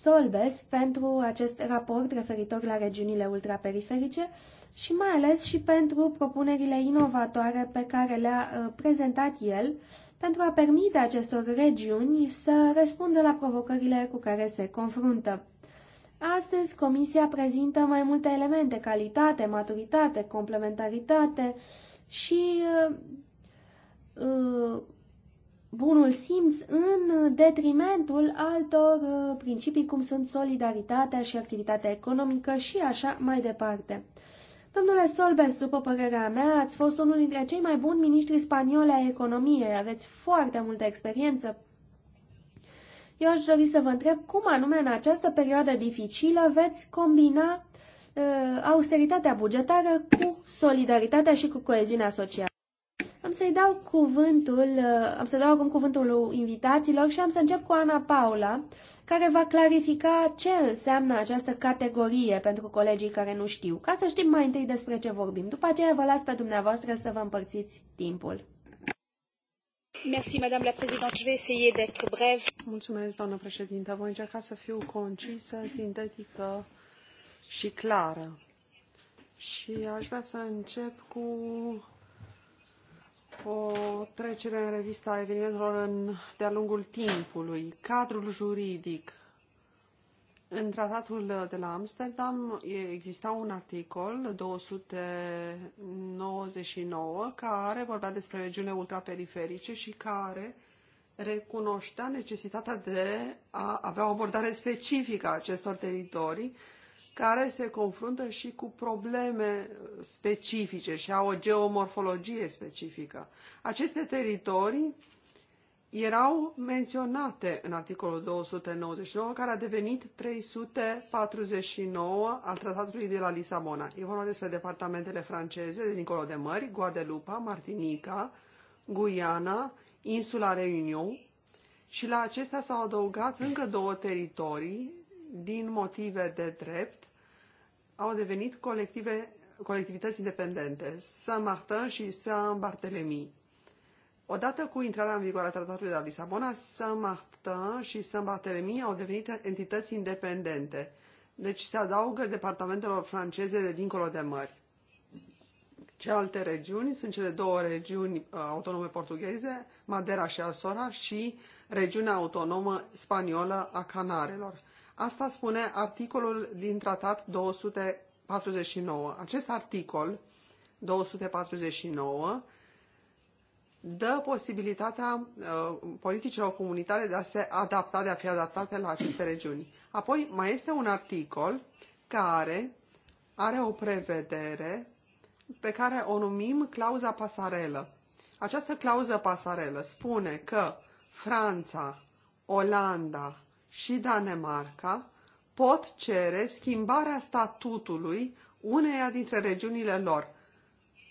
S2: Solbes pentru acest raport referitor la regiunile ultraperiferice și mai ales și pentru propunerile inovatoare pe care le-a uh, prezentat el pentru a permite acestor regiuni să răspundă la provocările cu care se confruntă. Astăzi, Comisia prezintă mai multe elemente, calitate, maturitate, complementaritate și uh, uh bunul simț în detrimentul altor uh, principii cum sunt solidaritatea și activitatea economică și așa mai departe. Domnule Solbes, după părerea mea, ați fost unul dintre cei mai buni miniștri spanioli ai economiei, aveți foarte multă experiență. Eu aș dori să vă întreb cum anume în această perioadă dificilă veți combina uh, austeritatea bugetară cu solidaritatea și cu coeziunea socială. Am să-i dau cuvântul, uh, am să dau acum cuvântul invitațiilor și am să încep cu Ana Paula, care va clarifica ce înseamnă această categorie pentru colegii care nu știu, ca să știm mai întâi despre ce vorbim. După aceea vă las pe dumneavoastră să vă împărțiți timpul.
S3: Merci, Madame la Présidente. Je vais essayer d'être brève. Mulțumesc, doamnă președintă. Voi încerca să fiu concisă, sintetică și clară. Și aș vrea să încep cu o trecere în revistă evenimentelor în, de-a lungul timpului. Cadrul juridic. În tratatul de la Amsterdam exista un articol 299 care vorbea despre regiunile ultraperiferice și care recunoștea necesitatea de a avea o abordare specifică a acestor teritorii care se confruntă și cu probleme specifice și au o geomorfologie specifică. Aceste teritorii erau menționate în articolul 299, care a devenit 349 al Tratatului de la Lisabona. E vorba despre departamentele franceze de dincolo de mări, Guadelupa, Martinica, Guiana, insula Reunion și la acestea s-au adăugat încă două teritorii din motive de drept au devenit colective, colectivități independente, Saint-Martin și Saint-Barthélemy. Odată cu intrarea în vigoare a tratatului de la Lisabona, Saint-Martin și Saint-Barthélemy au devenit entități independente, deci se adaugă departamentelor franceze de dincolo de mări. Celelalte regiuni sunt cele două regiuni uh, autonome portugheze, Madeira și Asora, și regiunea autonomă spaniolă a Canarelor. Asta spune articolul din tratat 249. Acest articol 249 dă posibilitatea uh, politicilor comunitare de a se adapta, de a fi adaptate la aceste regiuni. Apoi mai este un articol care are o prevedere pe care o numim clauza pasarelă. Această clauză pasarelă spune că Franța, Olanda, și Danemarca pot cere schimbarea statutului uneia dintre regiunile lor.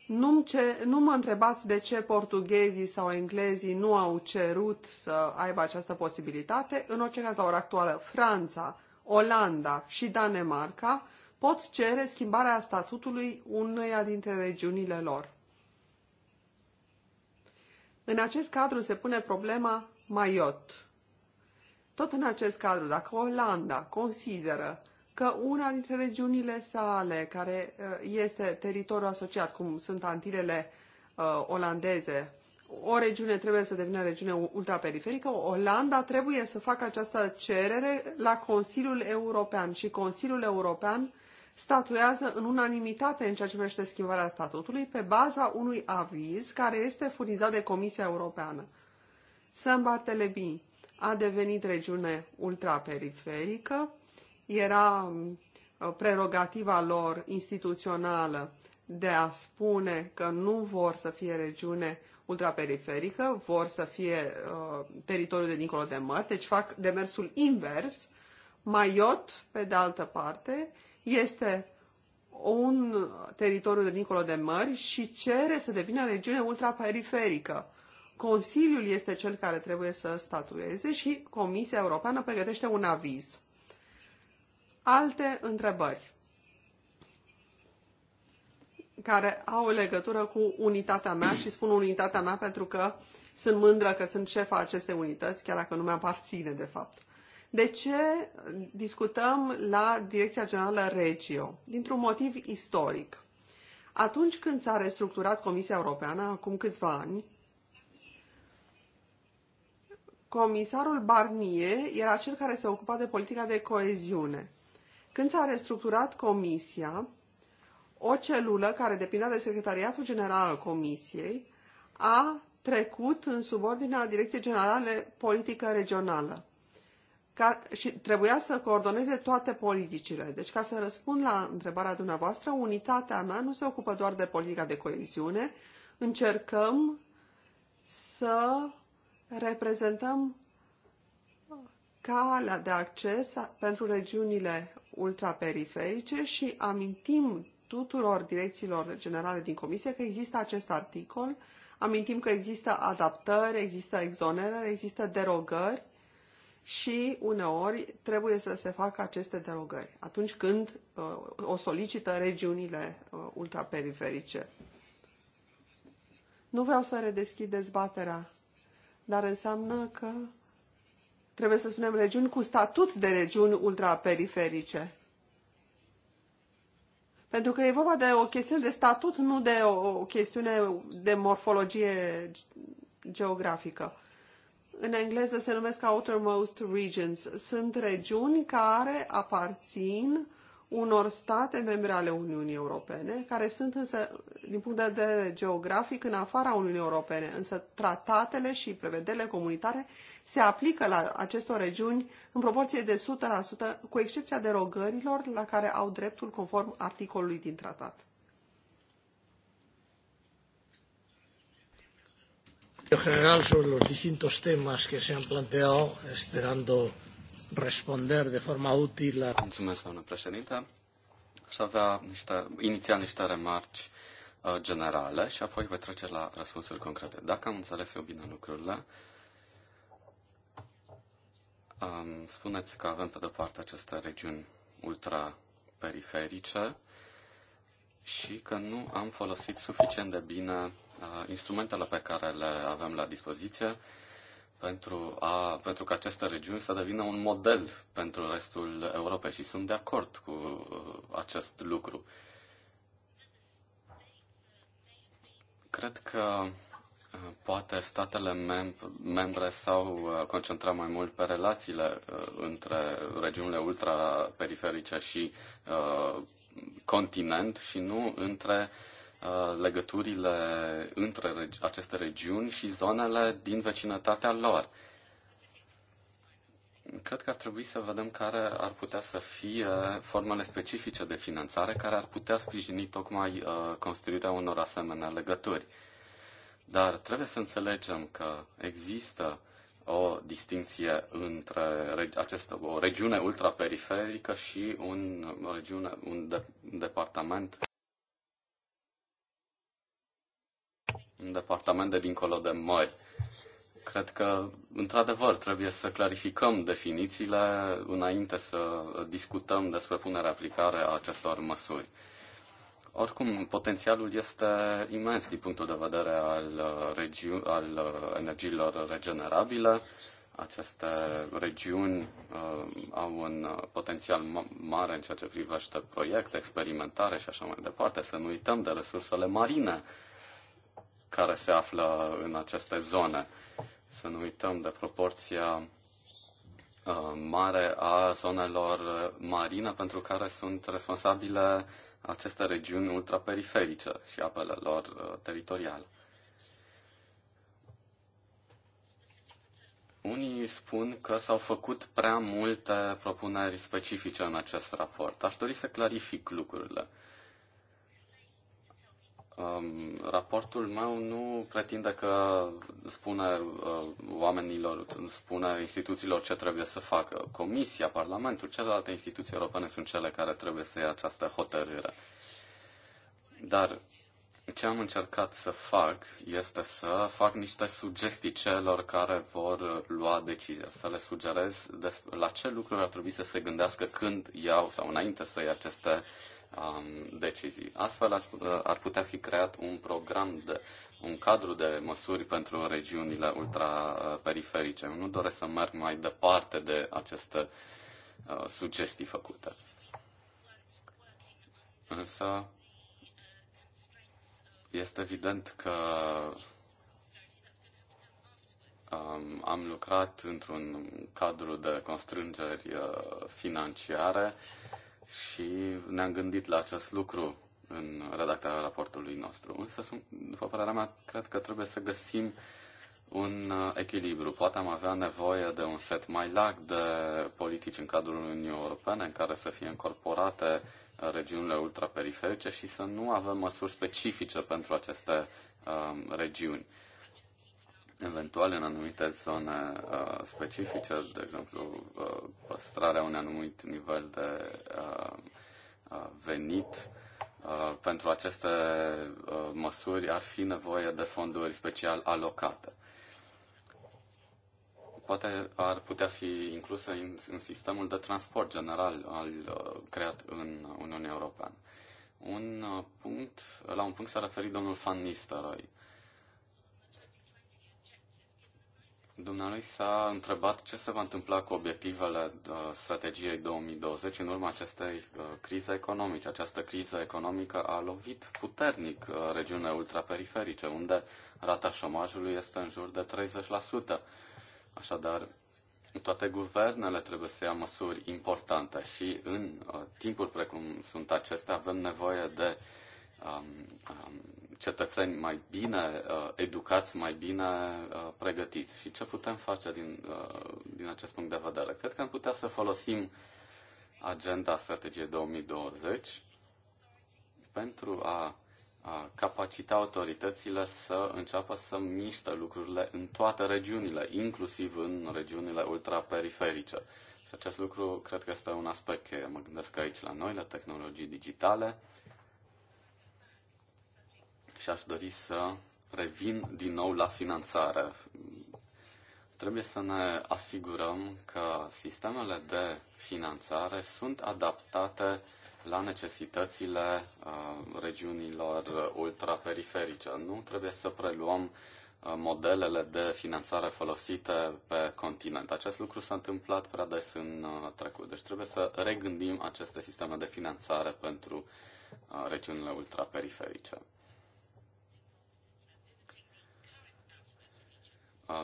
S3: Nu, ce, nu mă întrebați de ce portughezii sau englezii nu au cerut să aibă această posibilitate. În orice caz, la ora actuală, Franța, Olanda și Danemarca pot cere schimbarea statutului uneia dintre regiunile lor. În acest cadru se pune problema Maiot. Tot în acest cadru, dacă Olanda consideră că una dintre regiunile sale, care uh, este teritoriul asociat, cum sunt Antilele uh, olandeze, o regiune trebuie să devină regiune ultraperiferică, Olanda trebuie să facă această cerere la Consiliul European și Consiliul European statuează în unanimitate în ceea ce privește schimbarea statutului pe baza unui aviz care este furnizat de Comisia Europeană. bine a devenit regiune ultraperiferică, era uh, prerogativa lor instituțională de a spune că nu vor să fie regiune ultraperiferică, vor să fie uh, teritoriul de dincolo de măr, deci fac demersul invers. Maiot, pe de altă parte, este un teritoriu de dincolo de mări și cere să devină regiune ultraperiferică. Consiliul este cel care trebuie să statueze și Comisia Europeană pregătește un aviz. Alte întrebări care au legătură cu unitatea mea și spun unitatea mea pentru că sunt mândră că sunt șefa acestei unități, chiar dacă nu mi-aparține de fapt. De ce discutăm la Direcția Generală Regio? Dintr-un motiv istoric. Atunci când s-a restructurat Comisia Europeană, acum câțiva ani, comisarul Barnier era cel care se ocupa de politica de coeziune. Când s-a restructurat comisia, o celulă care depindea de Secretariatul General al Comisiei a trecut în subordinea Direcției Generale Politică Regională și trebuia să coordoneze toate politicile. Deci, ca să răspund la întrebarea dumneavoastră, unitatea mea nu se ocupă doar de politica de coeziune. Încercăm să reprezentăm calea de acces pentru regiunile ultraperiferice și amintim tuturor direcțiilor generale din comisie că există acest articol, amintim că există adaptări, există exonerări, există derogări și uneori trebuie să se facă aceste derogări atunci când uh, o solicită regiunile uh, ultraperiferice. Nu vreau să redeschid dezbaterea dar înseamnă că trebuie să spunem regiuni cu statut de regiuni ultraperiferice. Pentru că e vorba de o chestiune de statut, nu de o chestiune de morfologie geografică. În engleză se numesc outermost regions. Sunt regiuni care aparțin unor state membre ale Uniunii Europene, care sunt însă, din punct de vedere geografic, în afara Uniunii Europene, însă tratatele și prevederile comunitare se aplică la acestor regiuni în proporție de 100%, cu excepția derogărilor la care au dreptul conform articolului din tratat.
S1: general sobre los distintos temas que se han planteado, esperando responder de forma utilă. Mulțumesc, doamnă președinte. Aș avea niște, inițial niște remarci uh, generale și apoi voi trece la răspunsuri concrete. Dacă am înțeles eu bine lucrurile, um, spuneți că avem pe de-o parte aceste regiuni ultraperiferice și că nu am folosit suficient de bine uh, instrumentele pe care le avem la dispoziție pentru, a, pentru că aceste regiune să devină un model pentru restul Europei și sunt de acord cu uh, acest lucru. Cred că uh, poate statele mem- membre s-au uh, concentrat mai mult pe relațiile între regiunile ultraperiferice și uh, continent și nu între uh, Uh, legăturile între regi- aceste regiuni și zonele din vecinătatea lor. Cred că ar trebui să vedem care ar putea să fie formele specifice de finanțare care ar putea sprijini tocmai uh, construirea unor asemenea legături. Dar trebuie să înțelegem că există o distinție între această, o regiune ultraperiferică și un, o regiune, un de, departament un departament de dincolo de mări. Cred că, într-adevăr, trebuie să clarificăm definițiile înainte să discutăm despre punerea aplicare a acestor măsuri. Oricum, potențialul este imens din punctul de vedere al, uh, regiu- al uh, energiilor regenerabile. Aceste regiuni uh, au un uh, potențial mare în ceea ce privește proiecte, experimentare și așa mai departe. Să nu uităm de resursele marine uh, care se află în aceste zone. Să nu uităm de proporția uh, mare a zonelor marine pentru care sunt responsabile aceste regiuni ultraperiferice și apele lor uh, teritoriale. Unii spun că s-au făcut prea multe propuneri specifice în acest raport. Aș dori să clarific lucrurile. Um, raportul meu nu pretinde că spune uh, oamenilor, spune instituțiilor ce trebuie să facă. Comisia, Parlamentul, celelalte instituții europene sunt cele care trebuie să ia această hotărâre. Dar ce am încercat să fac este să fac niște sugestii celor care vor lua decizia, să le sugerez la ce lucruri ar trebui să se gândească când iau sau înainte să ia aceste uh, um, decizii. Astfel uh, ar putea fi creat un program de un cadru de măsuri pentru regiunile ultraperiferice. Nu doresc să merg mai departe de aceste uh, sugestii făcute. Însă este evident că um, am lucrat într-un cadru de constrângeri uh, financiare uh, și ne-am gândit la acest lucru în redactarea raportului nostru. Însă, sunt, după părerea mea, cred că trebuie să găsim un uh, echilibru. Poate am avea nevoie de un set mai larg de politici în cadrul Uniunii Europene în care să fie incorporate uh, regiunile ultraperiferice și să nu avem măsuri specifice pentru aceste um, regiuni eventual în anumite zone uh, specifice, de exemplu uh, păstrarea unui anumit nivel de uh, uh, venit. Uh, pentru aceste uh, măsuri ar fi nevoie de fonduri special alocate. Poate ar putea fi inclusă în, în sistemul de transport general al, uh, creat în Uniunea Europeană. Un uh, punct, la un punct s-a referit domnul Van Nistelrooy. Uh, Dumnealui s-a întrebat ce se va întâmpla cu obiectivele uh, strategiei 2020 în urma acestei uh, crize economice. Această criză economică a lovit puternic uh, regiunea ultraperiferice, unde rata șomajului este în jur de 30%. Așadar, toate guvernele trebuie să ia măsuri importante și în timpuri precum sunt acestea avem nevoie de uh, Um, um, cetățeni mai bine uh, educați, mai bine uh, pregătiți. Și ce putem face din, uh, din acest punct de vedere? Cred că am putea să folosim agenda strategiei 2020 pentru a, a capacita autoritățile să înceapă să miște lucrurile în toate regiunile, inclusiv în regiunile ultraperiferice. Și acest lucru cred că este un aspect cheie. Mă gândesc aici la noi la tehnologii digitale, și aș dori să revin din nou la finanțare. Trebuie să ne asigurăm că sistemele de finanțare sunt adaptate la necesitățile uh, regiunilor ultraperiferice. Nu trebuie să preluăm uh, modelele de finanțare folosite pe continent. Acest lucru s-a întâmplat prea des în uh, trecut. Deci trebuie să regândim aceste sisteme de finanțare pentru regiunile ultraperiferice.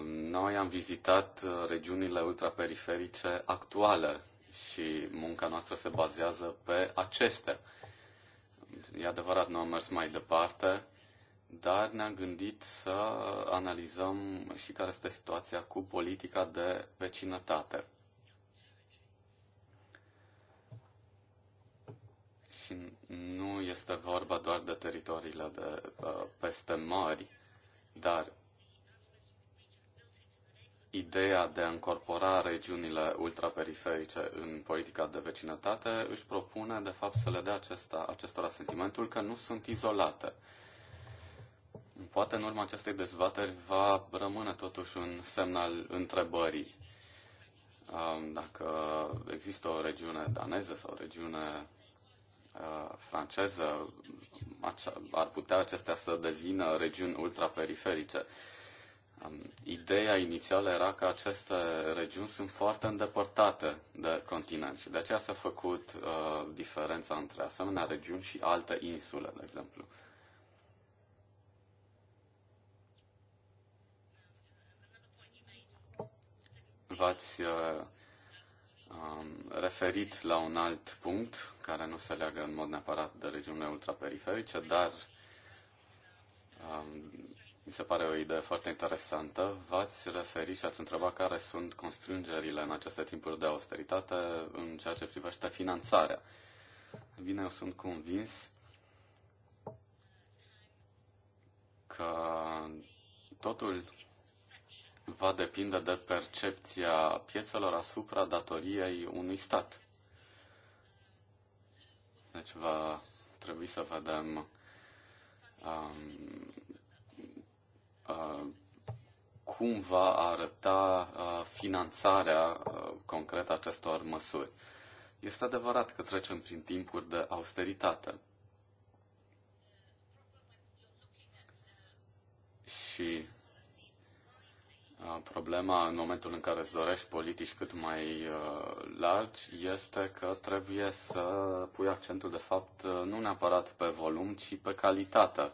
S1: Noi am vizitat uh, regiunile ultraperiferice actuale și munca noastră se bazează pe acestea. E adevărat, nu am mers mai departe, dar ne-am gândit să analizăm și care este situația cu politica de vecinătate. Și nu este vorba doar de teritoriile de uh, peste mări, dar ideea de a încorpora regiunile ultraperiferice în politica de vecinătate își propune, de fapt, să le dea acesta, acestora sentimentul că nu sunt izolate. Poate în urma acestei dezbateri va rămâne totuși un semn al întrebării um, dacă există o regiune daneză sau o regiune uh, franceză, ar putea acestea să devină regiuni ultraperiferice. Ideea inițială era că aceste regiuni sunt foarte îndepărtate de continent și de aceea s-a făcut uh, diferența între asemenea regiuni și alte insule, de exemplu. V-ați uh, um, referit la un alt punct care nu se leagă în mod neapărat de regiunile ultraperiferice, dar um, mi se pare o idee foarte interesantă. V-ați referit și ați întrebat care sunt constrângerile în aceste timpuri de austeritate în ceea ce privește finanțarea. Bine, eu sunt convins că totul va depinde de percepția piețelor asupra datoriei unui stat. Deci va trebui să vedem um, Uh, cum va arăta uh, finanțarea uh, concretă acestor măsuri. Este adevărat că trecem prin timpuri de austeritate. Și problema în momentul în care îți dorești politici cât mai largi este că trebuie să pui accentul, de fapt, nu neapărat pe volum, ci pe calitate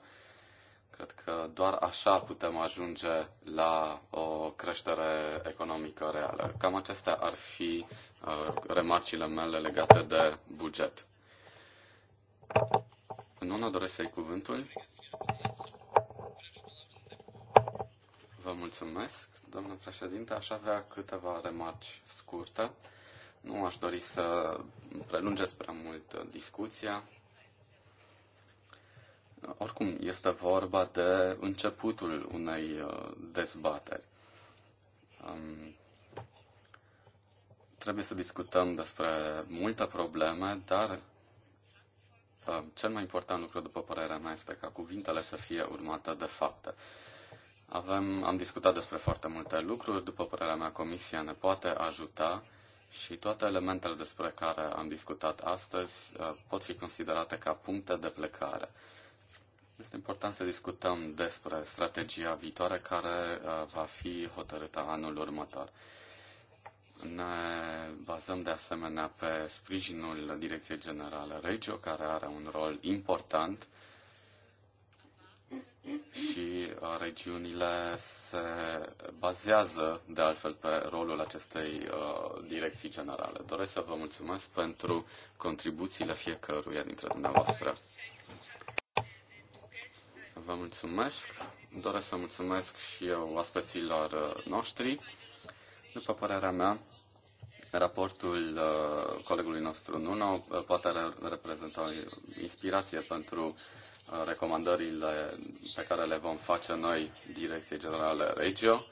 S1: Cred că doar așa putem ajunge la o creștere economică reală. Cam acestea ar fi uh, remarcile mele legate de buget. Nu ne doresc să-i cuvântul. Vă mulțumesc, domnul președinte. Aș avea câteva remarci scurte. Nu aș dori să prelungesc prea mult uh, discuția. Oricum, este vorba de începutul unei uh, dezbateri. Um, trebuie să discutăm despre multe probleme, dar um, cel mai important lucru, după părerea mea, este ca cuvintele să fie urmate de fapte. Avem, am discutat despre foarte multe lucruri, după părerea mea, Comisia ne poate ajuta și toate elementele despre care am discutat astăzi uh, pot fi considerate ca puncte de plecare. Este important să discutăm despre strategia viitoare care uh, va fi hotărâtă anul următor. Ne bazăm de asemenea pe sprijinul Direcției Generale Regio, care are un rol important și uh, regiunile se bazează de altfel pe rolul acestei uh, direcții generale. Doresc să vă mulțumesc pentru contribuțiile fiecăruia dintre dumneavoastră. Vă mulțumesc. Doresc să mulțumesc și eu aspeților uh, noștri. După părerea mea, raportul uh, colegului nostru Nuno uh, poate reprezenta o inspirație pentru recomandările pe care le vom face noi Direcției Generale Regio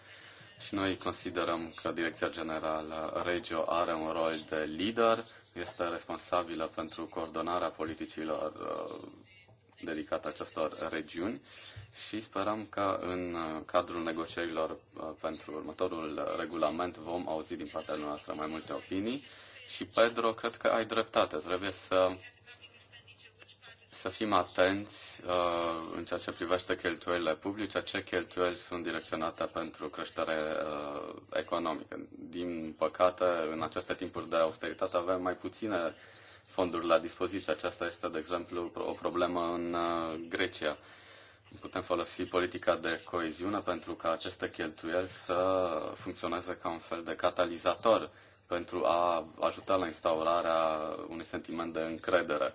S1: și noi considerăm că Direcția Generală Regio are un rol de lider, este responsabilă pentru coordonarea politicilor dedicată acestor regiuni și sperăm că în uh, cadrul negocierilor uh, pentru următorul uh, regulament vom auzi din partea noastră mai multe opinii. Și, Pedro, cred că ai dreptate. Trebuie să să fim atenți uh, în ceea ce privește cheltuielile publice, ce cheltuieli sunt direcționate pentru creștere uh, economică. Din păcate, în aceste timpuri de austeritate avem mai puține fonduri la dispoziție. Aceasta este, de exemplu, o problemă în uh, Grecia. Putem folosi politica de coeziune pentru ca aceste cheltuieli să funcționeze ca un fel de catalizator pentru a ajuta la instaurarea unui sentiment de încredere.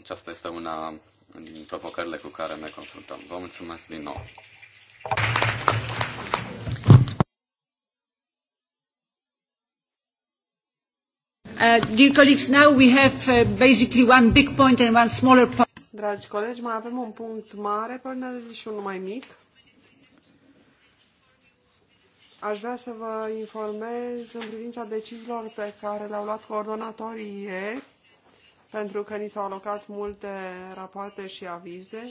S1: Aceasta este una din provocările cu care ne confruntăm. Vă mulțumesc din nou!
S3: Uh, dear colleagues, now we have uh, basically one big point and one smaller point. Dragi colegi, mai avem un punct mare și unul mai mic. Aș vrea să vă informez în privința deciziilor pe care le-au luat coordonatorii ieri, pentru că ni s-au alocat multe rapoarte și avize.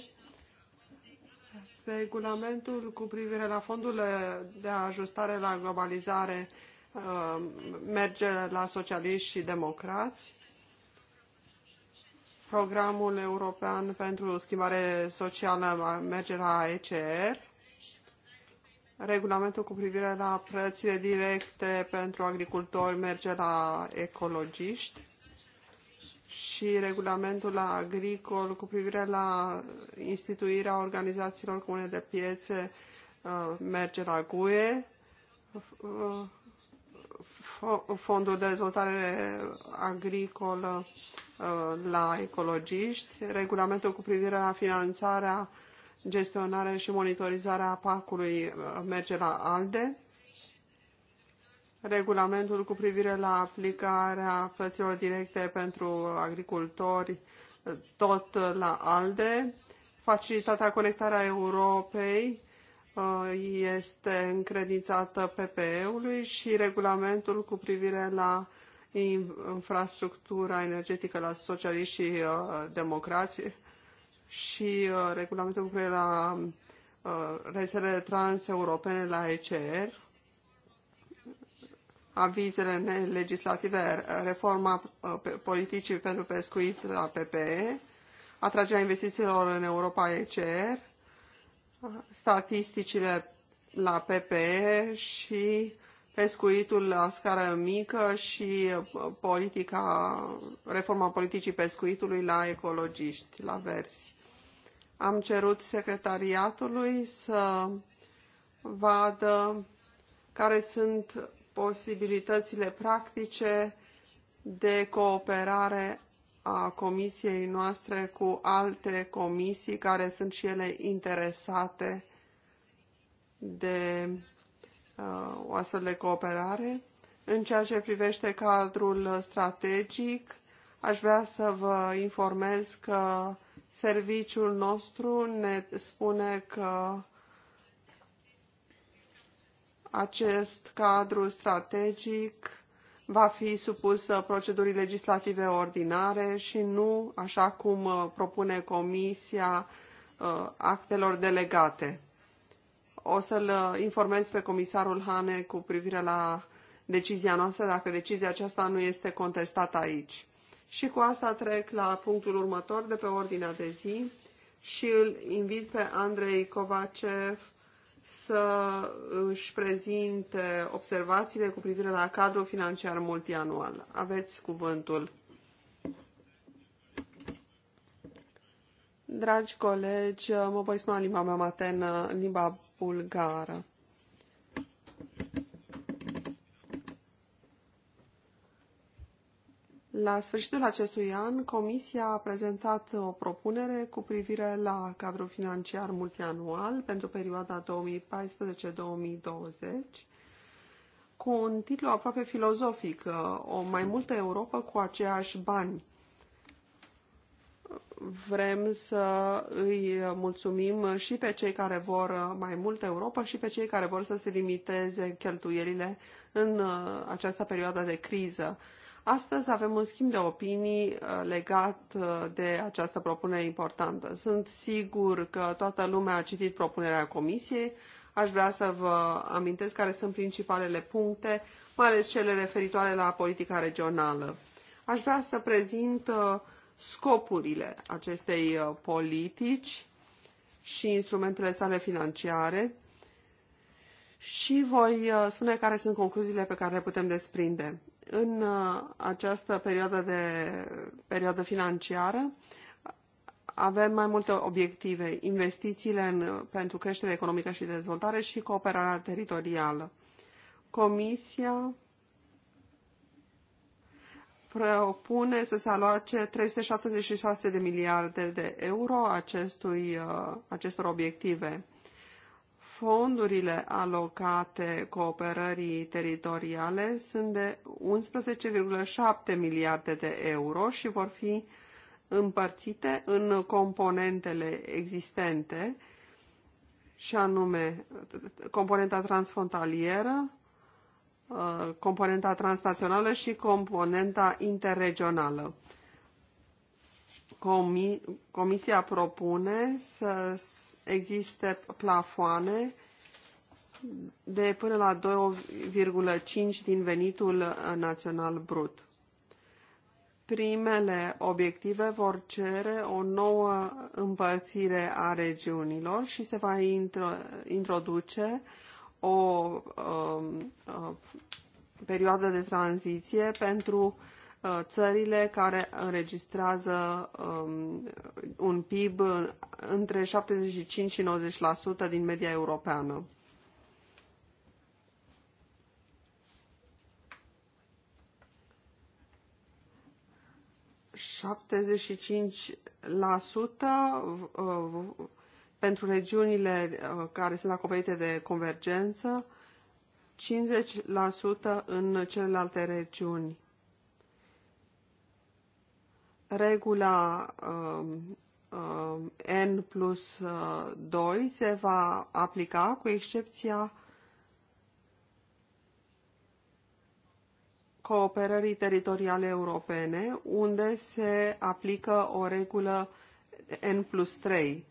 S3: Regulamentul cu privire la fondul de ajustare la globalizare Uh, merge la socialiști și democrați. Programul european pentru schimbare socială merge la ECR. Regulamentul cu privire la plățile directe pentru agricultori merge la ecologiști și regulamentul agricol cu privire la instituirea organizațiilor comune de piețe uh, merge la GUE. Uh, Fondul de Dezvoltare Agricolă uh, la ecologiști, regulamentul cu privire la finanțarea, gestionarea și monitorizarea PAC-ului uh, merge la ALDE, regulamentul cu privire la aplicarea plăților directe pentru agricultori uh, tot la ALDE, facilitatea conectarea Europei Uh, este încredințată PPE-ului și regulamentul cu privire la infrastructura energetică la socialiști și uh, democrați și uh, regulamentul cu privire la rețelele transeuropene la ECR, avizele legislative, reforma politicii pentru pescuit la PPE, atragerea investițiilor în Europa ECR, statisticile la PPE și pescuitul la scară mică și uh, politica, reforma politicii pescuitului la ecologiști, la versi. Am cerut secretariatului să vadă care sunt posibilitățile practice de cooperare a comisiei noastre cu alte comisii care sunt și ele interesate de uh, o astfel de cooperare. În ceea ce privește cadrul strategic, aș vrea să vă informez că serviciul nostru ne spune că acest cadru strategic va fi supusă uh, procedurii legislative ordinare și nu, așa cum uh, propune Comisia, uh, actelor delegate. O să-l informez pe comisarul Hane cu privire la decizia noastră, dacă decizia aceasta nu este contestată aici. Și cu asta trec la punctul următor de pe ordinea de zi și îl invit pe Andrei Covacev să își prezinte observațiile cu privire la cadrul financiar multianual. Aveți cuvântul. Dragi colegi, mă voi spune în limba mea maternă, în limba bulgară. La sfârșitul acestui an, Comisia a prezentat o propunere cu privire la cadrul financiar multianual pentru perioada 2014-2020, cu un titlu aproape filozofic, o mai multă Europa cu aceiași bani. Vrem să îi mulțumim și pe cei care vor mai multă Europa și pe cei care vor să se limiteze cheltuielile în această perioadă de criză. Astăzi avem un schimb de opinii uh, legat uh, de această propunere importantă. Sunt sigur că toată lumea a citit propunerea Comisiei. Aș vrea să vă amintesc care sunt principalele puncte, mai ales cele referitoare la politica regională. Aș vrea să prezint uh, scopurile acestei politici și instrumentele sale financiare și voi spune care sunt concluziile pe care le putem desprinde în uh, această perioadă de perioadă financiară avem mai multe obiective, investițiile în, pentru creștere economică și dezvoltare și cooperarea teritorială. Comisia propune să se aloace 376 de miliarde de euro acestui, uh, acestor obiective fondurile alocate cooperării teritoriale sunt de 11,7 miliarde de euro și vor fi împărțite în componentele existente, și anume componenta transfrontalieră, uh, componenta transnațională și componenta interregională. Comisia propune să existe plafoane de până la 2,5 din venitul uh, național brut. Primele obiective vor cere o nouă împărțire a regiunilor și se va intro, introduce o o um, uh, perioadă de tranziție pentru Uh, țările care înregistrează um, un PIB între 75 și 90% din media europeană. ,75% uh, pentru regiunile uh, care sunt acoperite de convergență, 50% în celelalte regiuni regula um, um, N plus 2 uh, se va aplica cu excepția cooperării teritoriale europene, unde se aplică o regulă N plus 3.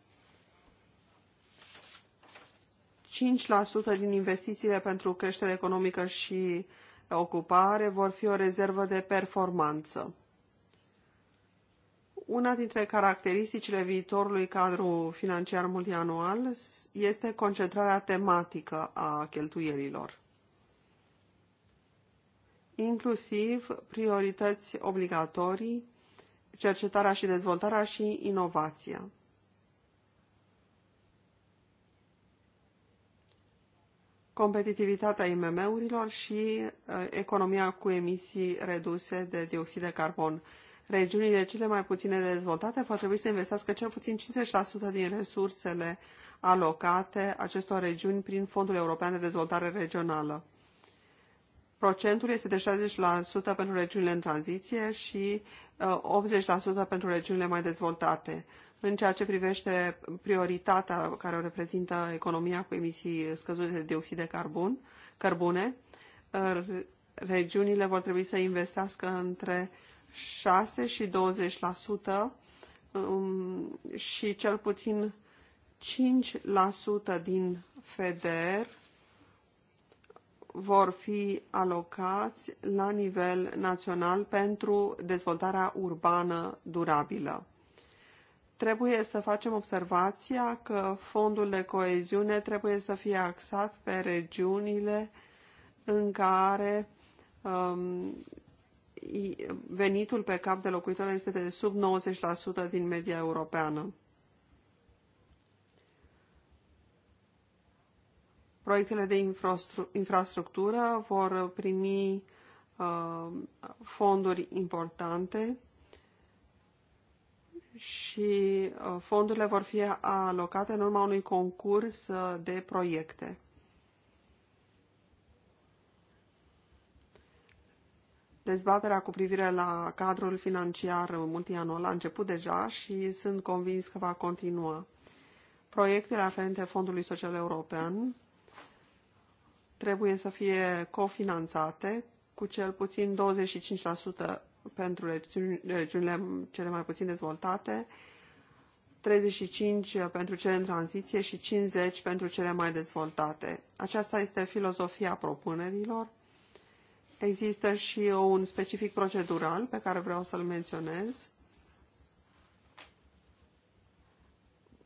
S3: 5% din investițiile pentru creștere economică și ocupare vor fi o rezervă de performanță. Una dintre caracteristicile viitorului cadru financiar multianual este concentrarea tematică a cheltuielilor, inclusiv priorități obligatorii, cercetarea și dezvoltarea și inovația. competitivitatea IMM-urilor și uh, economia cu emisii reduse de dioxid de carbon regiunile cele mai puține dezvoltate vor trebui să investească cel puțin 50% din resursele alocate acestor regiuni prin Fondul European de Dezvoltare Regională. Procentul este de 60% pentru regiunile în tranziție și 80% uh, pentru regiunile mai dezvoltate. În ceea ce privește prioritatea care o reprezintă economia cu emisii scăzute de dioxid de carbon, cărbune, uh, regiunile vor trebui să investească între 6 și 20% um, și cel puțin 5% din FEDER vor fi alocați la nivel național pentru dezvoltarea urbană durabilă. Trebuie să facem observația că fondul de coeziune trebuie să fie axat pe regiunile în care um, venitul pe cap de locuitor este de sub 90% din media europeană. Proiectele de infrastructură vor primi uh, fonduri importante și uh, fondurile vor fi alocate în urma unui concurs uh, de proiecte. Dezbaterea cu privire la cadrul financiar multianual a început deja și sunt convins că va continua. Proiectele aferente Fondului Social European trebuie să fie cofinanțate cu cel puțin 25% pentru regiunile cele mai puțin dezvoltate, 35 pentru cele în tranziție și 50 pentru cele mai dezvoltate. Aceasta este filozofia propunerilor Există și un specific procedural pe care vreau să-l menționez.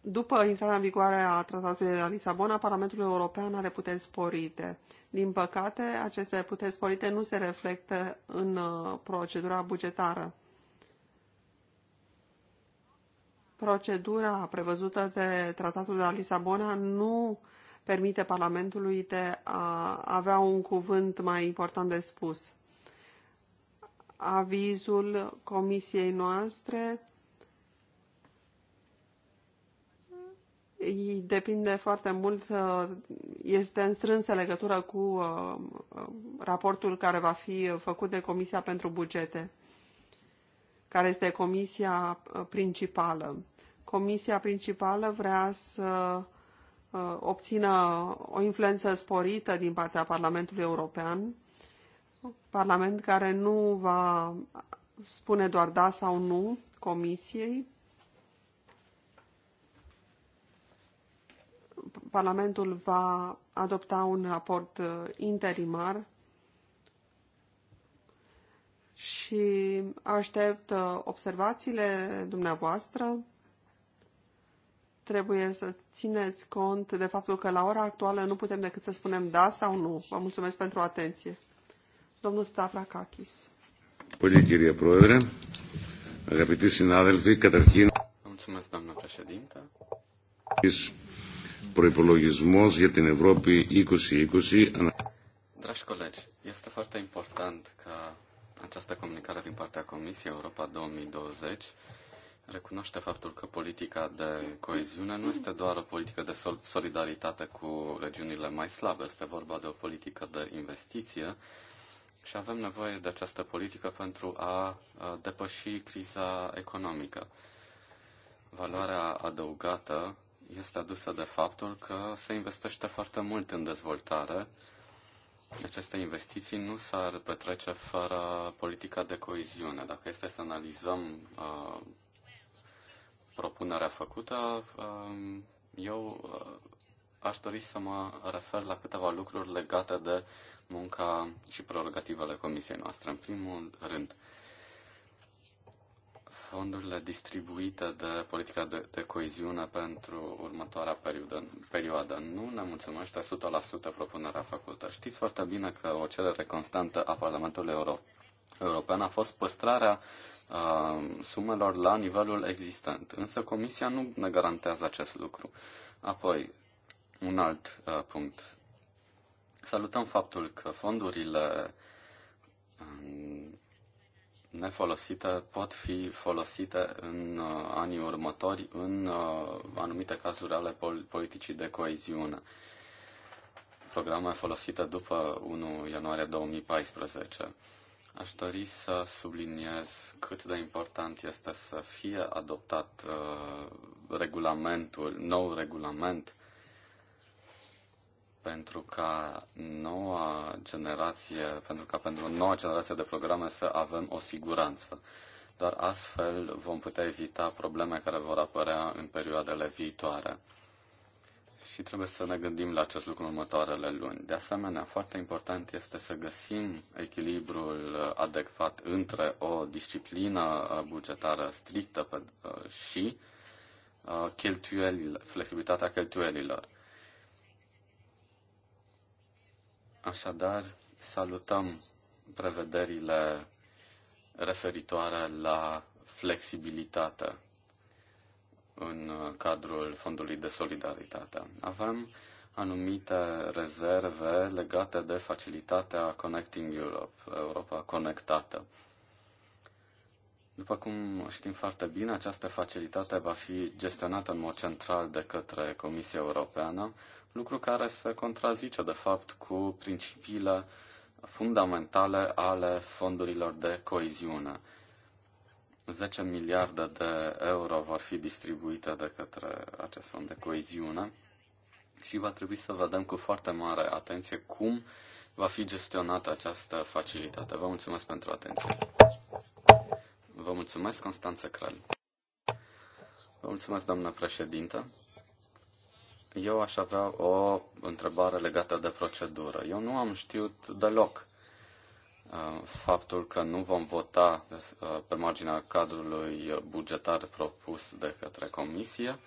S3: După intrarea în vigoare a Tratatului de la Lisabona, Parlamentul European are puteri sporite. Din păcate, aceste puteri sporite nu se reflectă în uh, procedura bugetară. Procedura prevăzută de Tratatul de la Lisabona nu uh, permite Parlamentului de a avea un cuvânt mai important de spus. Avizul comisiei noastre depinde foarte mult, este în strânsă legătură cu uh, raportul care va fi făcut de Comisia pentru Bugete, care este comisia uh, principală. Comisia principală vrea să Uh, obțină o influență sporită din partea Parlamentului European, Parlament care nu va spune doar da sau nu Comisiei. Parlamentul va adopta un raport uh, interimar și aștept uh, observațiile dumneavoastră trebuie să țineți cont de faptul că la ora actuală nu putem decât să spunem da sau nu. Vă mulțumesc pentru atenție. Domnul Stavrakakis.
S1: Πολύ κύριε Πρόεδρε, αγαπητοί συνάδελφοι, καταρχήν... Mulțumesc, doamnă președintă. Προϋπολογισμός για την Ευρώπη
S3: 2020...
S1: Dragi colegi, este foarte important ca această comunicare din partea Comisiei Europa 2020 recunoaște faptul că politica de coeziune nu este doar o politică de solidaritate cu regiunile mai slabe, este vorba de o politică de investiție și avem nevoie de această politică pentru a depăși criza economică. Valoarea adăugată este adusă de faptul că se investește foarte mult în dezvoltare. Aceste investiții nu s-ar petrece fără politica de coeziune. Dacă este să analizăm uh, propunerea făcută. Um, eu uh, aș dori să mă refer la câteva lucruri legate de munca și prerogativele comisiei noastre. În primul rând, fondurile distribuite de politica de, de coeziune pentru următoarea perioadă, perioadă. Nu ne mulțumește 100% propunerea făcută. Știți foarte bine că o cerere constantă a Parlamentului Euro, European a fost păstrarea Uh, sumelor la nivelul existent. Însă Comisia nu ne garantează acest lucru. Apoi, un alt uh, punct. Salutăm faptul că fondurile um, nefolosite pot fi folosite în uh, anii următori în uh, anumite cazuri ale pol- politicii de coeziune. Programe folosite după 1 ianuarie 2014. Aș dori să subliniez cât de important este să fie adoptat uh, regulamentul, nou regulament, pentru ca noua generație, pentru ca pentru noua generație de programe să avem o siguranță. Doar astfel vom putea evita probleme care vor apărea în perioadele viitoare și trebuie să ne gândim la acest lucru în următoarele luni. De asemenea, foarte important este să găsim echilibrul adecvat între o disciplină bugetară strictă și uh, cheltuielile, flexibilitatea cheltuielilor. Așadar, salutăm prevederile referitoare la flexibilitate în uh, cadrul Fondului de Solidaritate. Avem anumite rezerve legate de facilitatea Connecting Europe, Europa conectată. După cum știm foarte bine, această facilitate va fi gestionată în mod central de către Comisia Europeană, lucru care se contrazice, de fapt, cu principiile fundamentale ale fondurilor de coeziune. 10 miliarde de euro vor fi distribuite de către acest fond de coeziune și va trebui să vedem cu foarte mare atenție cum va fi gestionată această facilitate. Vă mulțumesc pentru atenție. Vă mulțumesc, Constanță Crăl. Vă mulțumesc, doamnă președintă. Eu aș avea o întrebare legată de procedură. Eu nu am știut deloc Uh, faptul că nu vom vota uh, pe marginea cadrului bugetar propus de către Comisie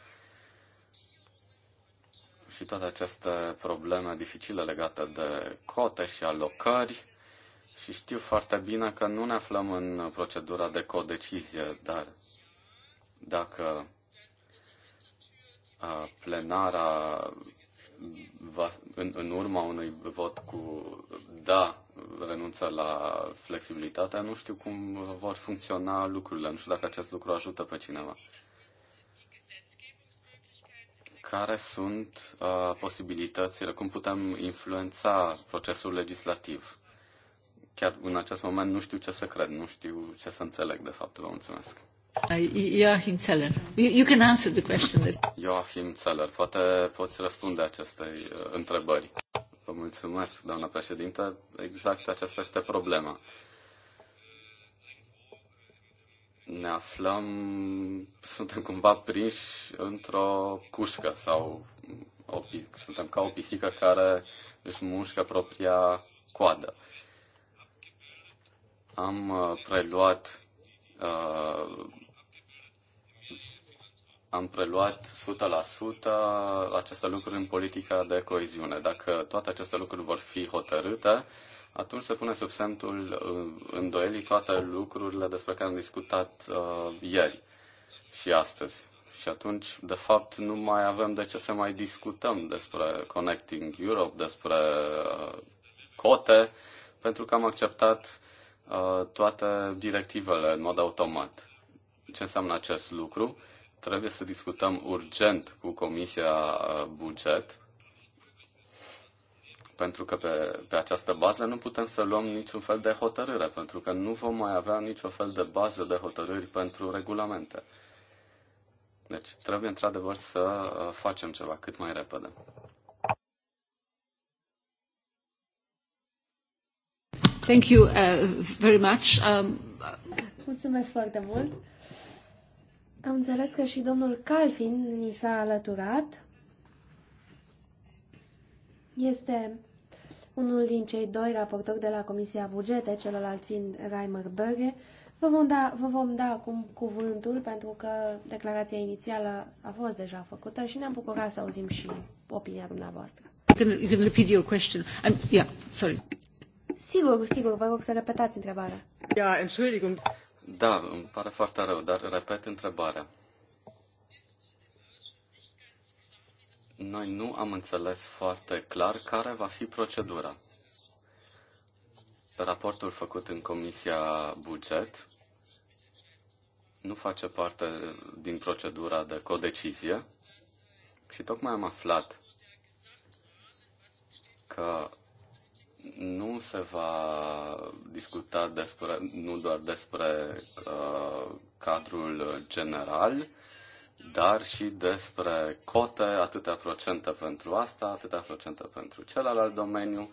S1: și toate aceste probleme dificile legate de cote și alocări. Și știu foarte bine că nu ne aflăm în procedura de codecizie, dar dacă uh, plenara va, în, în urma unui vot cu da, renunță la flexibilitatea, nu știu cum vor funcționa lucrurile, nu știu dacă acest lucru ajută pe cineva. Care sunt uh, posibilitățile, cum putem influența procesul legislativ? Chiar în acest moment nu știu ce să cred, nu știu ce să înțeleg, de fapt. Vă mulțumesc. Joachim Zeller. You can answer the question. Joachim Zeller, poate poți răspunde acestei uh, întrebări. Vă mulțumesc, doamna președintă. Exact aceasta este problema. Ne aflăm, suntem cumva prinși într-o cușcă sau o, suntem ca o pisică care își mușcă propria coadă. Am uh, preluat uh, am preluat 100% aceste lucruri în politica de coeziune. Dacă toate aceste lucruri vor fi hotărâte, atunci se pune sub semnul uh, îndoielii toate lucrurile despre care am discutat uh, ieri și astăzi. Și atunci, de fapt, nu mai avem de ce să mai discutăm despre Connecting Europe, despre uh, cote, pentru că am acceptat Uh, toate directivele în mod automat. Ce înseamnă acest lucru? Trebuie să discutăm urgent cu Comisia uh, Buget, pentru că pe, pe această bază nu putem să luăm niciun fel de hotărâre, pentru că nu vom mai avea niciun fel de bază de hotărâri pentru regulamente. Deci trebuie într-adevăr să uh, facem ceva cât mai repede.
S3: Thank you uh, very much. Um,
S2: Mulțumesc foarte mult. Am înțeles că și domnul Calvin ni s-a alăturat. Este unul din cei doi raportori de la Comisia Bugete, celălalt fiind Reimer Böge. Vă vom, da, vă vom da acum cuvântul pentru că declarația inițială a fost deja făcută și ne-am bucurat să auzim și opinia dumneavoastră.
S1: You can, you can repeat your question. I'm, um, yeah, sorry.
S2: Sigur, sigur, vă rog să repetați întrebarea.
S1: Ja,
S3: Entschuldigung.
S1: Da, îmi pare foarte rău, dar repet întrebarea. Noi nu am înțeles foarte clar care va fi procedura. Raportul făcut în Comisia Buget nu face parte din procedura de codecizie și tocmai am aflat că nu se va discuta despre, nu doar despre uh, cadrul general, dar și despre cote, atâtea procente pentru asta, atâtea procente pentru celălalt domeniu.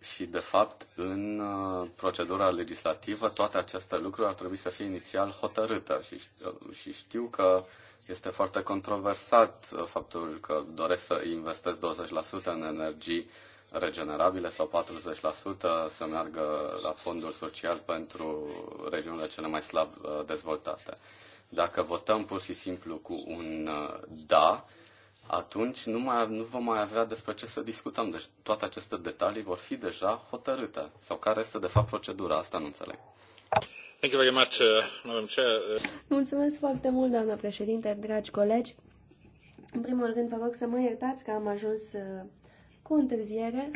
S1: Și, de fapt, în uh, procedura legislativă, toate aceste lucruri ar trebui să fie inițial hotărâte. Și, uh, și știu că este foarte controversat uh, faptul că doresc să investesc 20% în energii regenerabile sau 40% să meargă la fondul social pentru regiunile cele mai slab uh, dezvoltate. Dacă votăm pur și simplu cu un uh, da, atunci nu, mai, nu vom mai avea despre ce să discutăm. Deci toate aceste detalii vor fi deja hotărâte. Sau care este de fapt procedura? Asta nu înțeleg. Thank you very much, uh, Madam
S2: Mulțumesc foarte mult, doamnă președinte, dragi colegi. În primul rând, vă rog să mă iertați că am ajuns cu întârziere.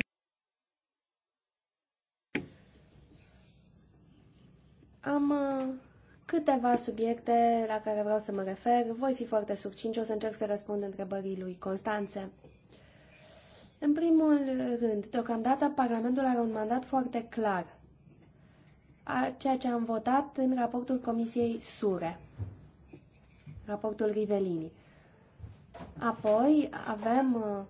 S2: Am uh, câteva subiecte la care vreau să mă refer. Voi fi foarte succint o să încerc să răspund întrebării lui Constanțe. În primul rând, deocamdată Parlamentul are un mandat foarte clar, ceea ce am votat în raportul Comisiei Sure, raportul Rivelini. Apoi avem uh,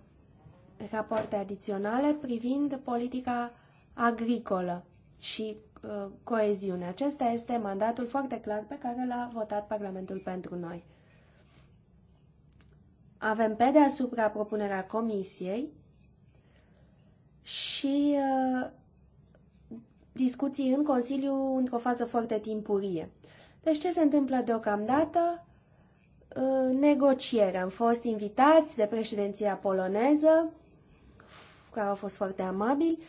S2: rapoarte adiționale privind politica agricolă și uh, coeziune. Acesta este mandatul foarte clar pe care l-a votat Parlamentul pentru noi. Avem pe deasupra propunerea Comisiei și uh, discuții în Consiliu într-o fază foarte timpurie. Deci ce se întâmplă deocamdată? Uh, negociere. Am fost invitați de președinția poloneză care au fost foarte amabili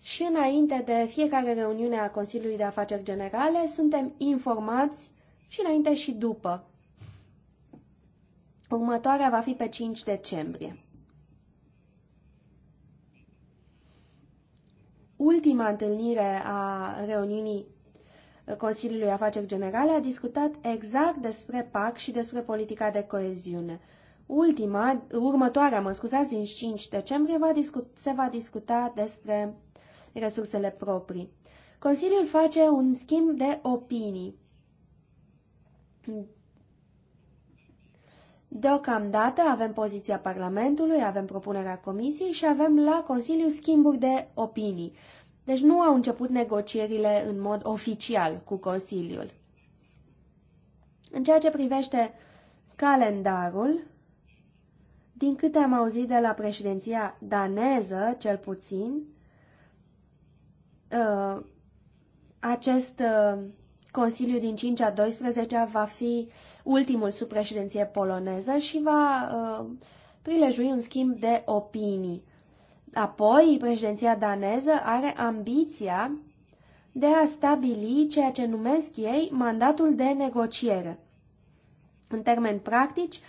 S2: și înainte de fiecare reuniune a Consiliului de Afaceri Generale suntem informați și înainte și după. Următoarea va fi pe 5 decembrie. Ultima întâlnire a reuniunii Consiliului Afaceri Generale a discutat exact despre PAC și despre politica de coeziune. Ultima, următoarea, mă scuzați, din 5 decembrie va se va discuta despre resursele proprii. Consiliul face un schimb de opinii. Deocamdată avem poziția Parlamentului, avem propunerea Comisiei și avem la Consiliu schimburi de opinii. Deci nu au început negocierile în mod oficial cu Consiliul. În ceea ce privește calendarul, din câte am auzit de la președinția daneză, cel puțin, ă, acest ă, Consiliu din 5 a 12 va fi ultimul sub președinție poloneză și va ă, prilejui un schimb de opinii. Apoi, președinția daneză are ambiția de a stabili ceea ce numesc ei mandatul de negociere. În termeni practici,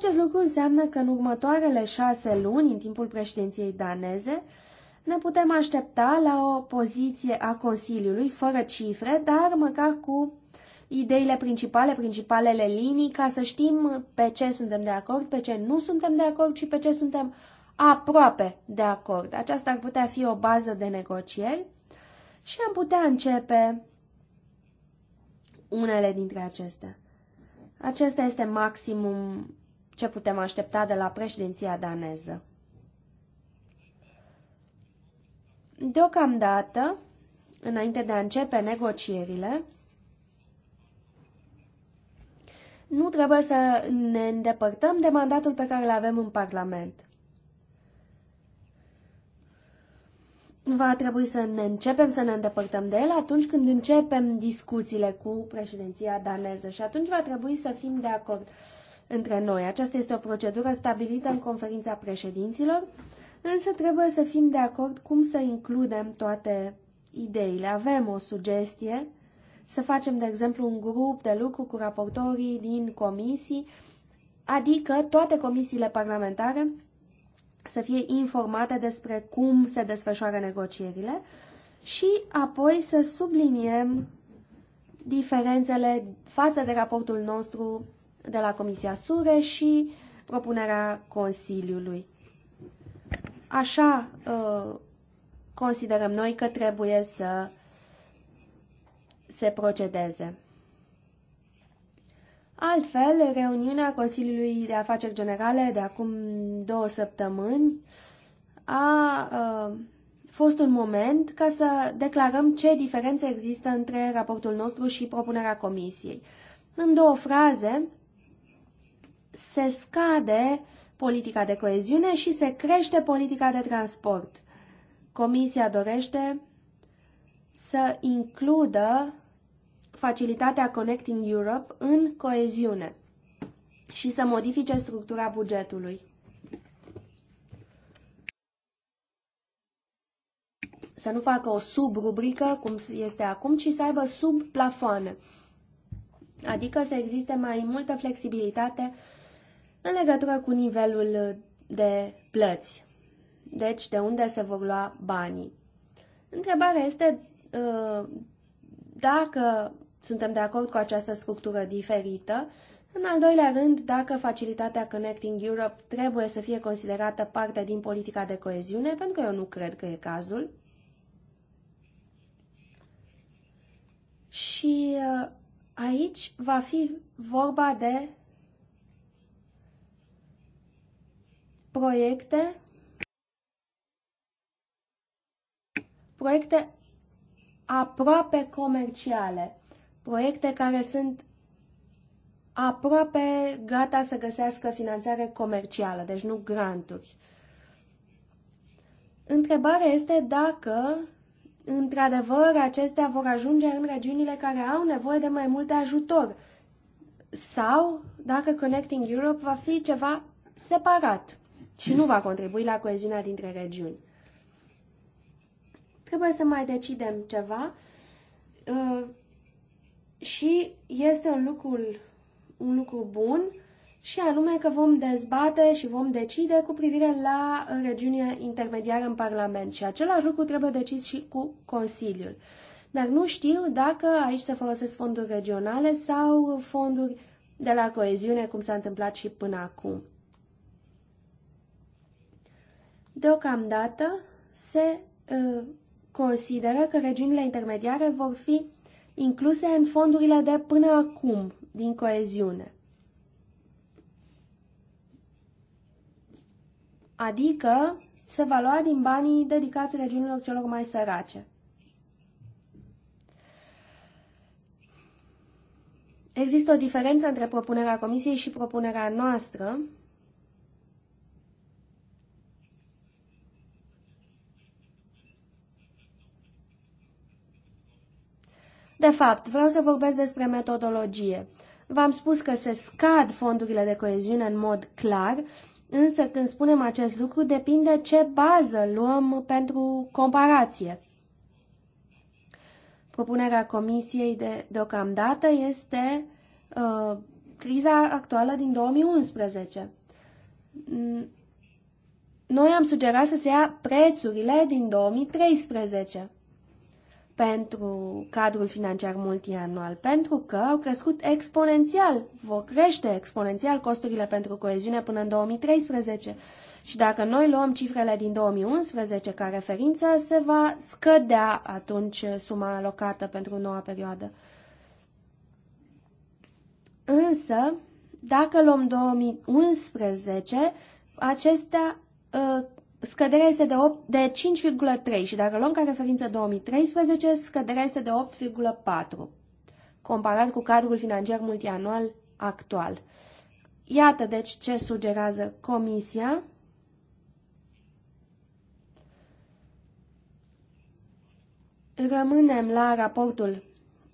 S2: acest lucru înseamnă că în următoarele șase luni, în timpul președinției daneze, ne putem aștepta la o poziție a Consiliului, fără cifre, dar măcar cu ideile principale, principalele linii, ca să știm pe ce suntem de acord, pe ce nu suntem de acord și pe ce suntem aproape de acord. Aceasta ar putea fi o bază de negocieri și am putea începe unele dintre acestea. Acesta este maximum ce putem aștepta de la președinția daneză. Deocamdată, înainte de a începe negocierile, nu trebuie să ne îndepărtăm de mandatul pe care îl avem în Parlament. Va trebui să ne începem să ne îndepărtăm de el atunci când începem discuțiile cu președinția daneză și atunci va trebui să fim de acord între noi. Aceasta este o procedură stabilită în conferința președinților, însă trebuie să fim de acord cum să includem toate ideile. Avem o sugestie să facem, de exemplu, un grup de lucru cu raportorii din comisii, adică toate comisiile parlamentare să fie informate despre cum se desfășoară negocierile și apoi să subliniem diferențele față de raportul nostru de la Comisia Sure și propunerea Consiliului. Așa ă, considerăm noi că trebuie să se procedeze. Altfel, reuniunea Consiliului de Afaceri Generale de acum două săptămâni a ă, fost un moment ca să declarăm ce diferențe există între raportul nostru și propunerea Comisiei. În două fraze, se scade politica de coeziune și se crește politica de transport. Comisia dorește să includă facilitatea Connecting Europe în coeziune și să modifice structura bugetului. Să nu facă o subrubrică, cum este acum, ci să aibă subplafoane. Adică să existe mai multă flexibilitate uh, în legătură cu nivelul de plăți. Deci, de unde se vor lua banii. Întrebarea este uh, dacă suntem de acord cu această structură diferită, în al doilea rând, dacă facilitatea Connecting Europe trebuie să fie considerată parte din politica de coeziune, pentru că eu nu cred că e cazul. Și uh, aici va fi vorba de proiecte proiecte aproape comerciale, proiecte care sunt aproape gata să găsească finanțare comercială, deci nu granturi. Întrebarea este dacă, într-adevăr, acestea vor ajunge în regiunile care au nevoie de mai mult ajutor sau dacă Connecting Europe va fi ceva separat și nu va contribui la coeziunea dintre regiuni. Trebuie să mai decidem ceva uh, și este un lucru, un lucru bun și anume că vom dezbate și vom decide cu privire la regiunea intermediară în Parlament și același lucru trebuie decis și cu Consiliul. Dar nu știu dacă aici se folosesc fonduri regionale sau fonduri de la coeziune, cum s-a întâmplat și până acum. Deocamdată se ă, consideră că regiunile intermediare vor fi incluse în fondurile de până acum din coeziune. Adică se va lua din banii dedicați regiunilor celor mai sărace. Există o diferență între propunerea Comisiei și propunerea noastră De fapt, vreau să vorbesc despre metodologie. V-am spus că se scad fondurile de coeziune în mod clar, însă când spunem acest lucru depinde ce bază luăm pentru comparație. Propunerea Comisiei de, deocamdată este uh, criza actuală din 2011. Mm, noi am sugerat să se ia prețurile din 2013 pentru cadrul financiar multianual, pentru că au crescut exponențial, vor crește exponențial costurile pentru coeziune până în 2013. Și dacă noi luăm cifrele din 2011 ca referință, se va scădea atunci suma alocată pentru noua perioadă. Însă, dacă luăm 2011, acestea ă, scăderea este de, de 5,3 și dacă luăm ca referință 2013, scăderea este de 8,4 comparat cu cadrul financiar multianual actual. Iată deci ce sugerează Comisia. Rămânem la raportul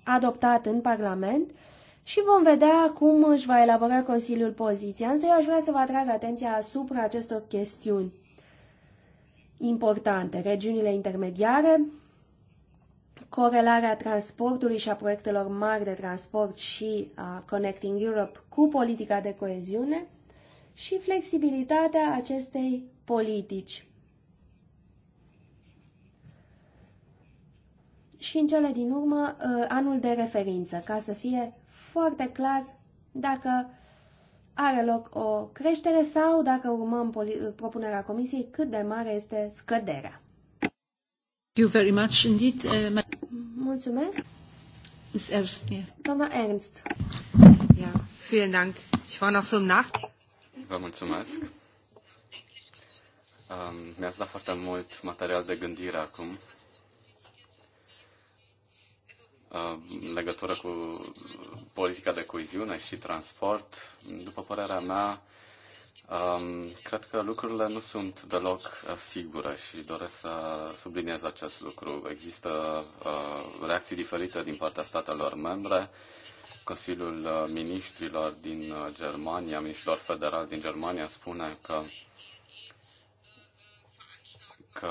S2: adoptat în Parlament și vom vedea cum își va elabora Consiliul poziția, însă eu aș vrea să vă atrag atenția asupra acestor chestiuni importante. Regiunile intermediare, corelarea transportului și a proiectelor mari de transport și a Connecting Europe cu politica de coeziune și flexibilitatea acestei politici. Și în cele din urmă, ă, anul de referință, ca să fie foarte clar dacă are loc o creștere sau, dacă urmăm propunerea Comisiei, cât de mare este scăderea.
S3: You very much indeed, uh,
S2: Mulțumesc.
S3: Ms. Ernst. Yeah. Doamna Ernst. Ja, vielen Dank. Ich war noch so im Nach.
S1: Vă mulțumesc. Um, mi-ați dat foarte mult material de gândire acum în legătură cu politica de coeziune și transport, după părerea mea, um, cred că lucrurile nu sunt deloc uh, sigure și doresc să subliniez acest lucru. Există uh, reacții diferite din partea statelor membre. Consiliul uh, Ministrilor din Germania, Ministrilor Federal din Germania, spune că că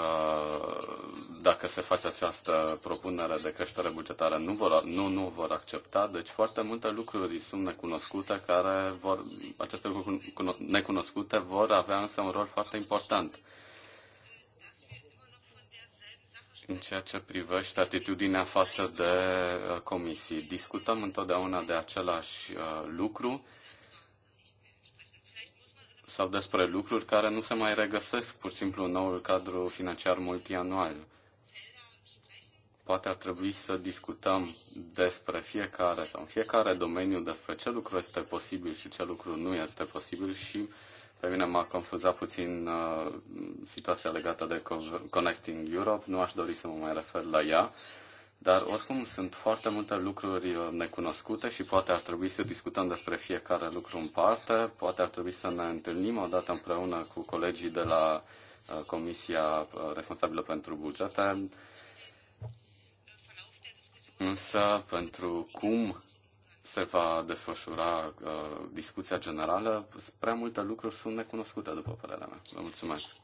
S1: dacă se face această propunere de creștere bugetară nu, vor, nu, nu vor accepta, deci foarte multe lucruri sunt necunoscute care vor, aceste lucruri necunoscute vor avea însă un rol foarte important. În ceea ce privește atitudinea față de uh, comisii, discutăm întotdeauna de același uh, lucru, sau despre lucruri care nu se mai regăsesc pur și simplu în noul cadru financiar multianual. Poate ar trebui să discutăm despre fiecare sau în fiecare domeniu despre ce lucru este posibil și ce lucru nu este posibil și pe mine m-a confuzat puțin uh, situația legată de Connecting Europe. Nu aș dori să mă mai refer la ea dar oricum sunt foarte multe lucruri uh, necunoscute și poate ar trebui să discutăm despre fiecare lucru în parte, poate ar trebui să ne întâlnim o dată împreună cu colegii de la uh, Comisia uh, responsabilă pentru bugete. Însă, pentru cum se va desfășura uh, discuția generală, prea multe lucruri sunt necunoscute, după părerea mea. Vă mulțumesc.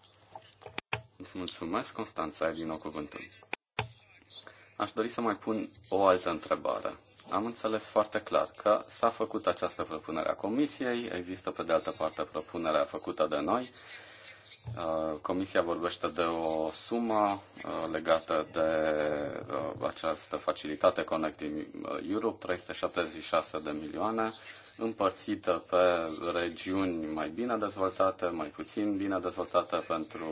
S1: Îți mulțumesc, Constanța, ai din nou cuvântul. Aș dori să mai pun o altă întrebare. Am înțeles foarte clar că s-a făcut această propunere a Comisiei, există pe de altă parte propunerea făcută de noi. Uh, Comisia vorbește de o sumă uh, legată de uh, această facilitate Connecting Europe, 376 de milioane împărțită pe regiuni mai bine dezvoltate, mai puțin bine dezvoltate pentru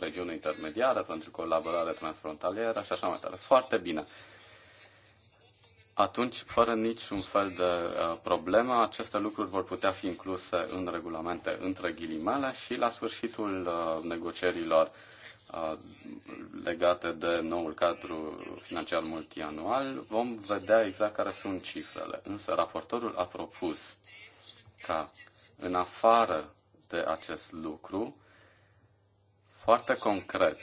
S1: regiuni intermediare, pentru colaborare transfrontalieră și așa mai departe. Foarte bine. Atunci, fără niciun fel de uh, problemă, aceste lucruri vor putea fi incluse în regulamente între ghilimele și la sfârșitul uh, negocierilor uh, legate de noul cadru financiar multianual, vom vedea exact care sunt cifrele. Însă raportorul a propus ca în afară de acest lucru, foarte concret,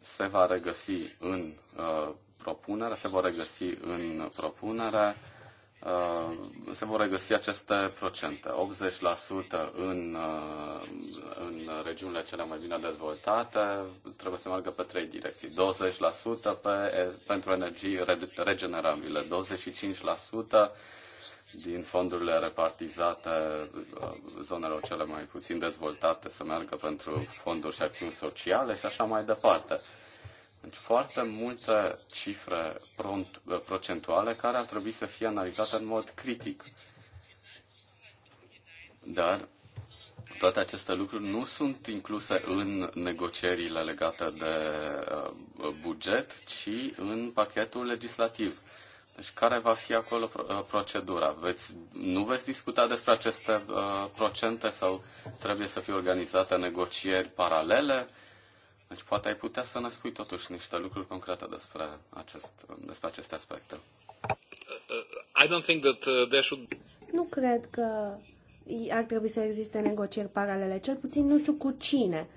S1: se va regăsi în uh, propunere, se vor regăsi în propunere Uh, se vor regăsi aceste procente. 80% în, uh, în regiunile cele mai bine dezvoltate trebuie să meargă pe trei direcții. 20% pe, pentru energii regenerabile, 25% din fondurile repartizate uh, zonelor cele mai puțin dezvoltate să meargă pentru fonduri și acțiuni sociale și așa mai departe foarte multe cifre procentuale care ar trebui să fie analizate în mod critic. Dar toate aceste lucruri nu sunt incluse în negocierile legate de uh, buget, ci în pachetul legislativ. Deci care va fi acolo uh, procedura? Veți, nu veți discuta despre aceste uh, procente sau trebuie să fie organizate negocieri paralele? Uh, deci poate ai putea să ne spui totuși niște lucruri concrete despre, acest, despre aceste aspecte. Uh, uh, I don't think that uh, there should...
S2: Nu cred că ar trebui să existe negocieri paralele, cel puțin nu știu cu cine,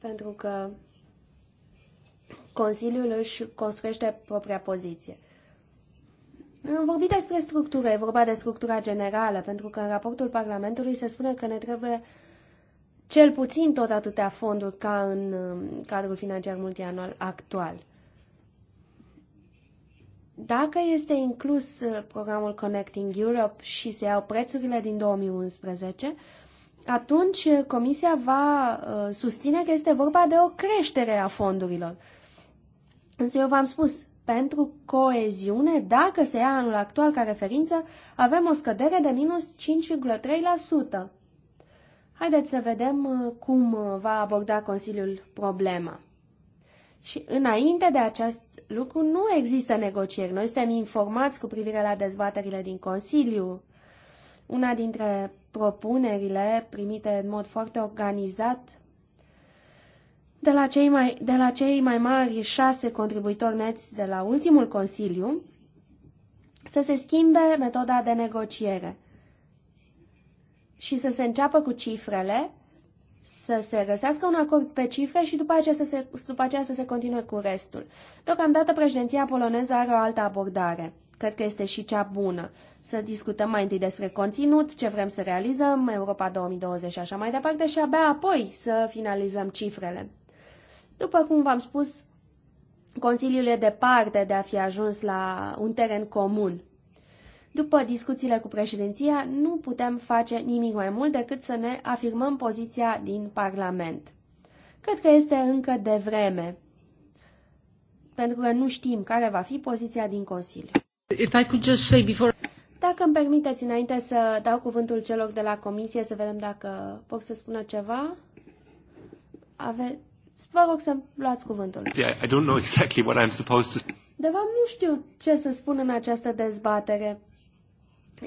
S2: pentru că Consiliul își construiește propria poziție. Am vorbit despre structură, e vorba de structura generală, pentru că în raportul Parlamentului se spune că ne trebuie cel puțin tot atâtea fonduri ca în uh, cadrul financiar multianual actual. Dacă este inclus uh, programul Connecting Europe și se iau prețurile din 2011, atunci uh, Comisia va susține că este vorba de o creștere a fondurilor. Însă eu v-am spus, pentru coeziune, dacă se ia anul actual ca referință, avem o scădere de minus 5,3%. Haideți să vedem uh, cum uh, va aborda Consiliul problema. Și înainte de acest lucru nu există negocieri. Noi suntem informați cu privire la dezbaterile din Consiliu. Una dintre propunerile primite în mod foarte organizat de la cei mai, de la cei mai mari șase contribuitori neți de la ultimul Consiliu, să se schimbe metoda de negociere și să se înceapă cu cifrele, să se găsească un acord pe cifre și după aceea să se, după aceea să se continue cu restul. Deocamdată președinția poloneză are o altă abordare. Cred că este și cea bună. Să discutăm mai întâi despre conținut, ce vrem să realizăm, Europa 2020 și așa mai departe și abia apoi să finalizăm cifrele. După cum v-am spus, Consiliul e departe de a fi ajuns la un teren comun după discuțiile cu președinția, nu putem face nimic mai mult decât să ne afirmăm poziția din Parlament. Cred că este încă de vreme, pentru că nu știm care va fi poziția din Consiliu. Before... Dacă îmi permiteți, înainte să dau cuvântul celor de la Comisie, să vedem dacă pot să spună ceva, ave... vă rog să luați cuvântul.
S1: I don't know exactly what I'm supposed to...
S2: De fapt, nu știu ce să spun în această dezbatere.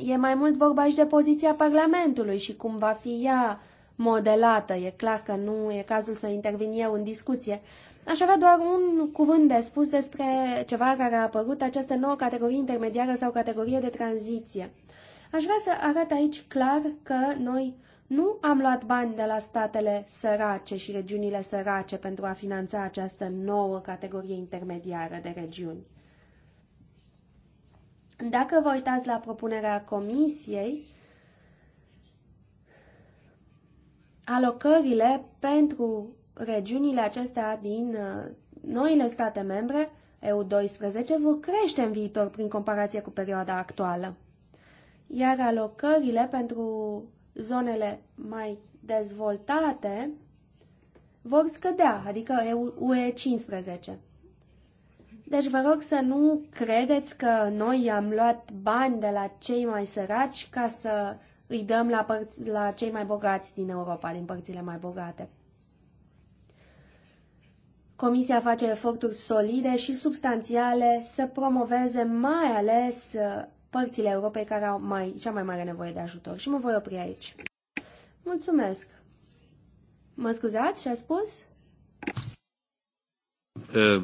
S2: E mai mult vorba și de poziția Parlamentului și cum va fi ea modelată. E clar că nu e cazul să intervin eu în discuție. Aș avea doar un cuvânt de spus despre ceva care a apărut, această nouă categorie intermediară sau categorie de tranziție. Aș vrea să arăt aici clar că noi nu am luat bani de la statele sărace și regiunile sărace pentru a finanța această nouă categorie intermediară de regiuni. Dacă vă uitați la propunerea comisiei, alocările pentru regiunile acestea din uh, noile state membre, EU12, vor crește în viitor prin comparație cu perioada actuală. Iar alocările pentru zonele mai dezvoltate vor scădea, adică UE15. Deci vă rog să nu credeți că noi am luat bani de la cei mai săraci ca să îi dăm la, părți, la cei mai bogați din Europa, din părțile mai bogate. Comisia face eforturi solide și substanțiale să promoveze mai ales uh, părțile Europei care au mai, cea mai mare nevoie de ajutor. Și mă voi opri aici. Mulțumesc! Mă scuzați ce a spus?
S1: Uh.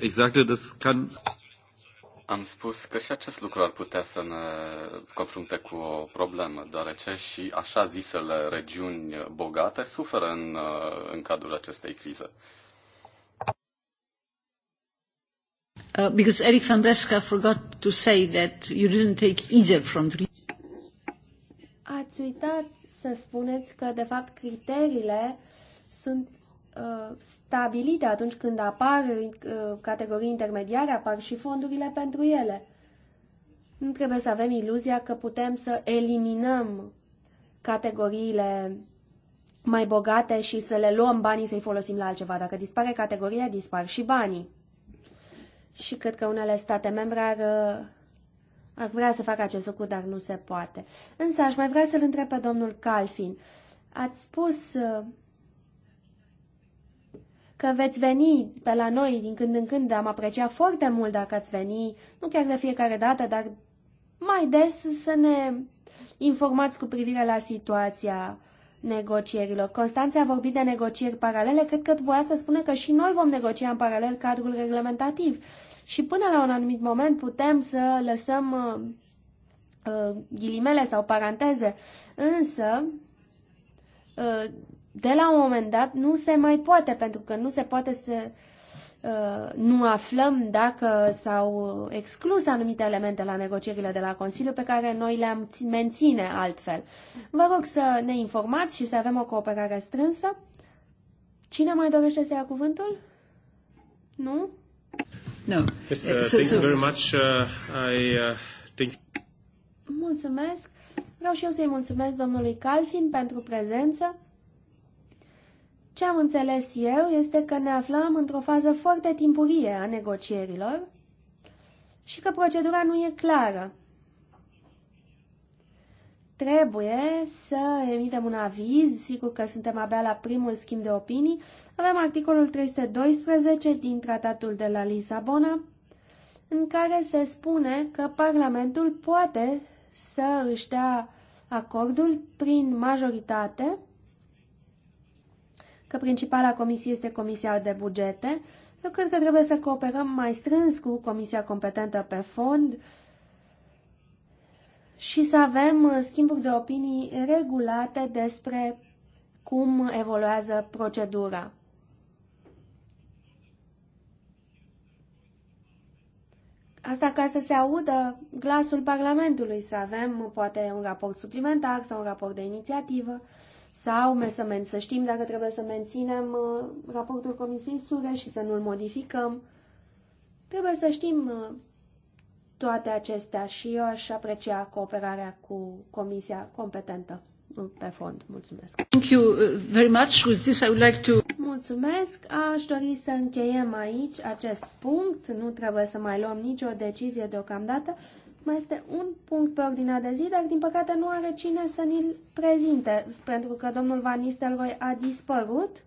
S1: Ich sagte, exact, das kann... Am spus că și acest lucru ar putea să ne confrunte cu o problemă, deoarece și așa zisele regiuni bogate suferă în, uh, în cadrul acestei crize.
S3: Uh, because Eric van Breska forgot to say that you didn't take either from the...
S2: Ați uitat să spuneți că, de fapt, criteriile sunt Uh, stabilite atunci când apar uh, categorii intermediare, apar și fondurile pentru ele. Nu trebuie să avem iluzia că putem să eliminăm categoriile mai bogate și să le luăm banii să-i folosim la altceva. Dacă dispare categoria, dispar și banii. Și cred că unele state membre ar, uh, ar vrea să facă acest lucru, dar nu se poate. Însă aș mai vrea să-l întreb pe domnul Calfin. Ați spus că veți veni pe la noi din când în când. Am apreciat foarte mult dacă ați veni, nu chiar de fiecare dată, dar mai des să ne informați cu privire la situația negocierilor. Constanța a vorbit de negocieri paralele, cred că voia să spună că și noi vom negocia în paralel cadrul reglementativ. Și până la un anumit moment putem să lăsăm uh, uh ghilimele sau paranteze, însă uh, de la un moment dat nu se mai poate, pentru că nu se poate să uh, nu aflăm dacă s-au exclus anumite elemente la negocierile de la Consiliu pe care noi le-am menține altfel. Vă rog să ne informați și să avem o cooperare strânsă. Cine mai dorește să ia cuvântul? Nu?
S3: Nu. Uh, uh, uh,
S2: mulțumesc. Vreau și eu să-i mulțumesc domnului Calfin pentru prezență. Ce am înțeles eu este că ne aflăm într-o fază foarte timpurie a negocierilor și că procedura nu e clară. Trebuie să emitem un aviz, sigur că suntem abia la primul schimb de opinii. Avem articolul 312 din Tratatul de la Lisabona, în care se spune că Parlamentul poate să își dea acordul prin majoritate că principala comisie este Comisia de Bugete. Eu cred că trebuie să cooperăm mai strâns cu Comisia competentă pe fond și să avem uh, schimburi de opinii regulate despre cum evoluează procedura. Asta ca să se audă glasul Parlamentului, să avem uh, poate un raport suplimentar sau un raport de inițiativă sau să știm dacă trebuie să menținem uh, raportul Comisiei Sure și să nu-l modificăm. Trebuie să știm uh, toate acestea și eu aș aprecia cooperarea cu Comisia competentă uh, pe fond. Mulțumesc.
S3: Thank you very much. With this I would like to...
S2: Mulțumesc. Aș dori să încheiem aici acest punct. Nu trebuie să mai luăm nicio decizie deocamdată. Mai este un punct pe ordinea de zi, dar din păcate nu are cine să ni-l prezinte, pentru că domnul Van Nistelrooy a dispărut.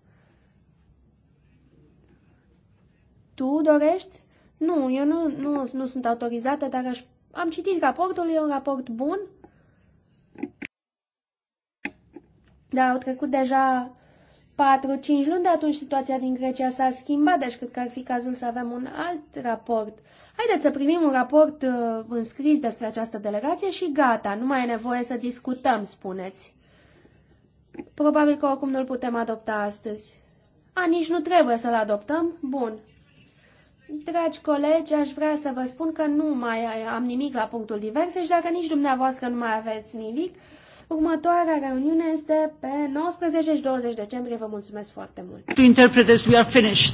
S2: Tu dorești? Nu, eu nu, nu, nu sunt autorizată, dar aș, am citit raportul, e un raport bun. Da, au trecut deja 4-5 luni de atunci situația din Grecia s-a schimbat, deci cred că ar fi cazul să avem un alt raport. Haideți să primim un raport uh, înscris despre această delegație și gata, nu mai e nevoie să discutăm, spuneți. Probabil că oricum nu-l putem adopta astăzi. A, nici nu trebuie să-l adoptăm? Bun. Dragi colegi, aș vrea să vă spun că nu mai am nimic la punctul divers și deci dacă nici dumneavoastră nu mai aveți nimic, Următoarea reuniune este pe 19 și 20 decembrie. Vă mulțumesc foarte mult.
S3: To interpreters, we are finished.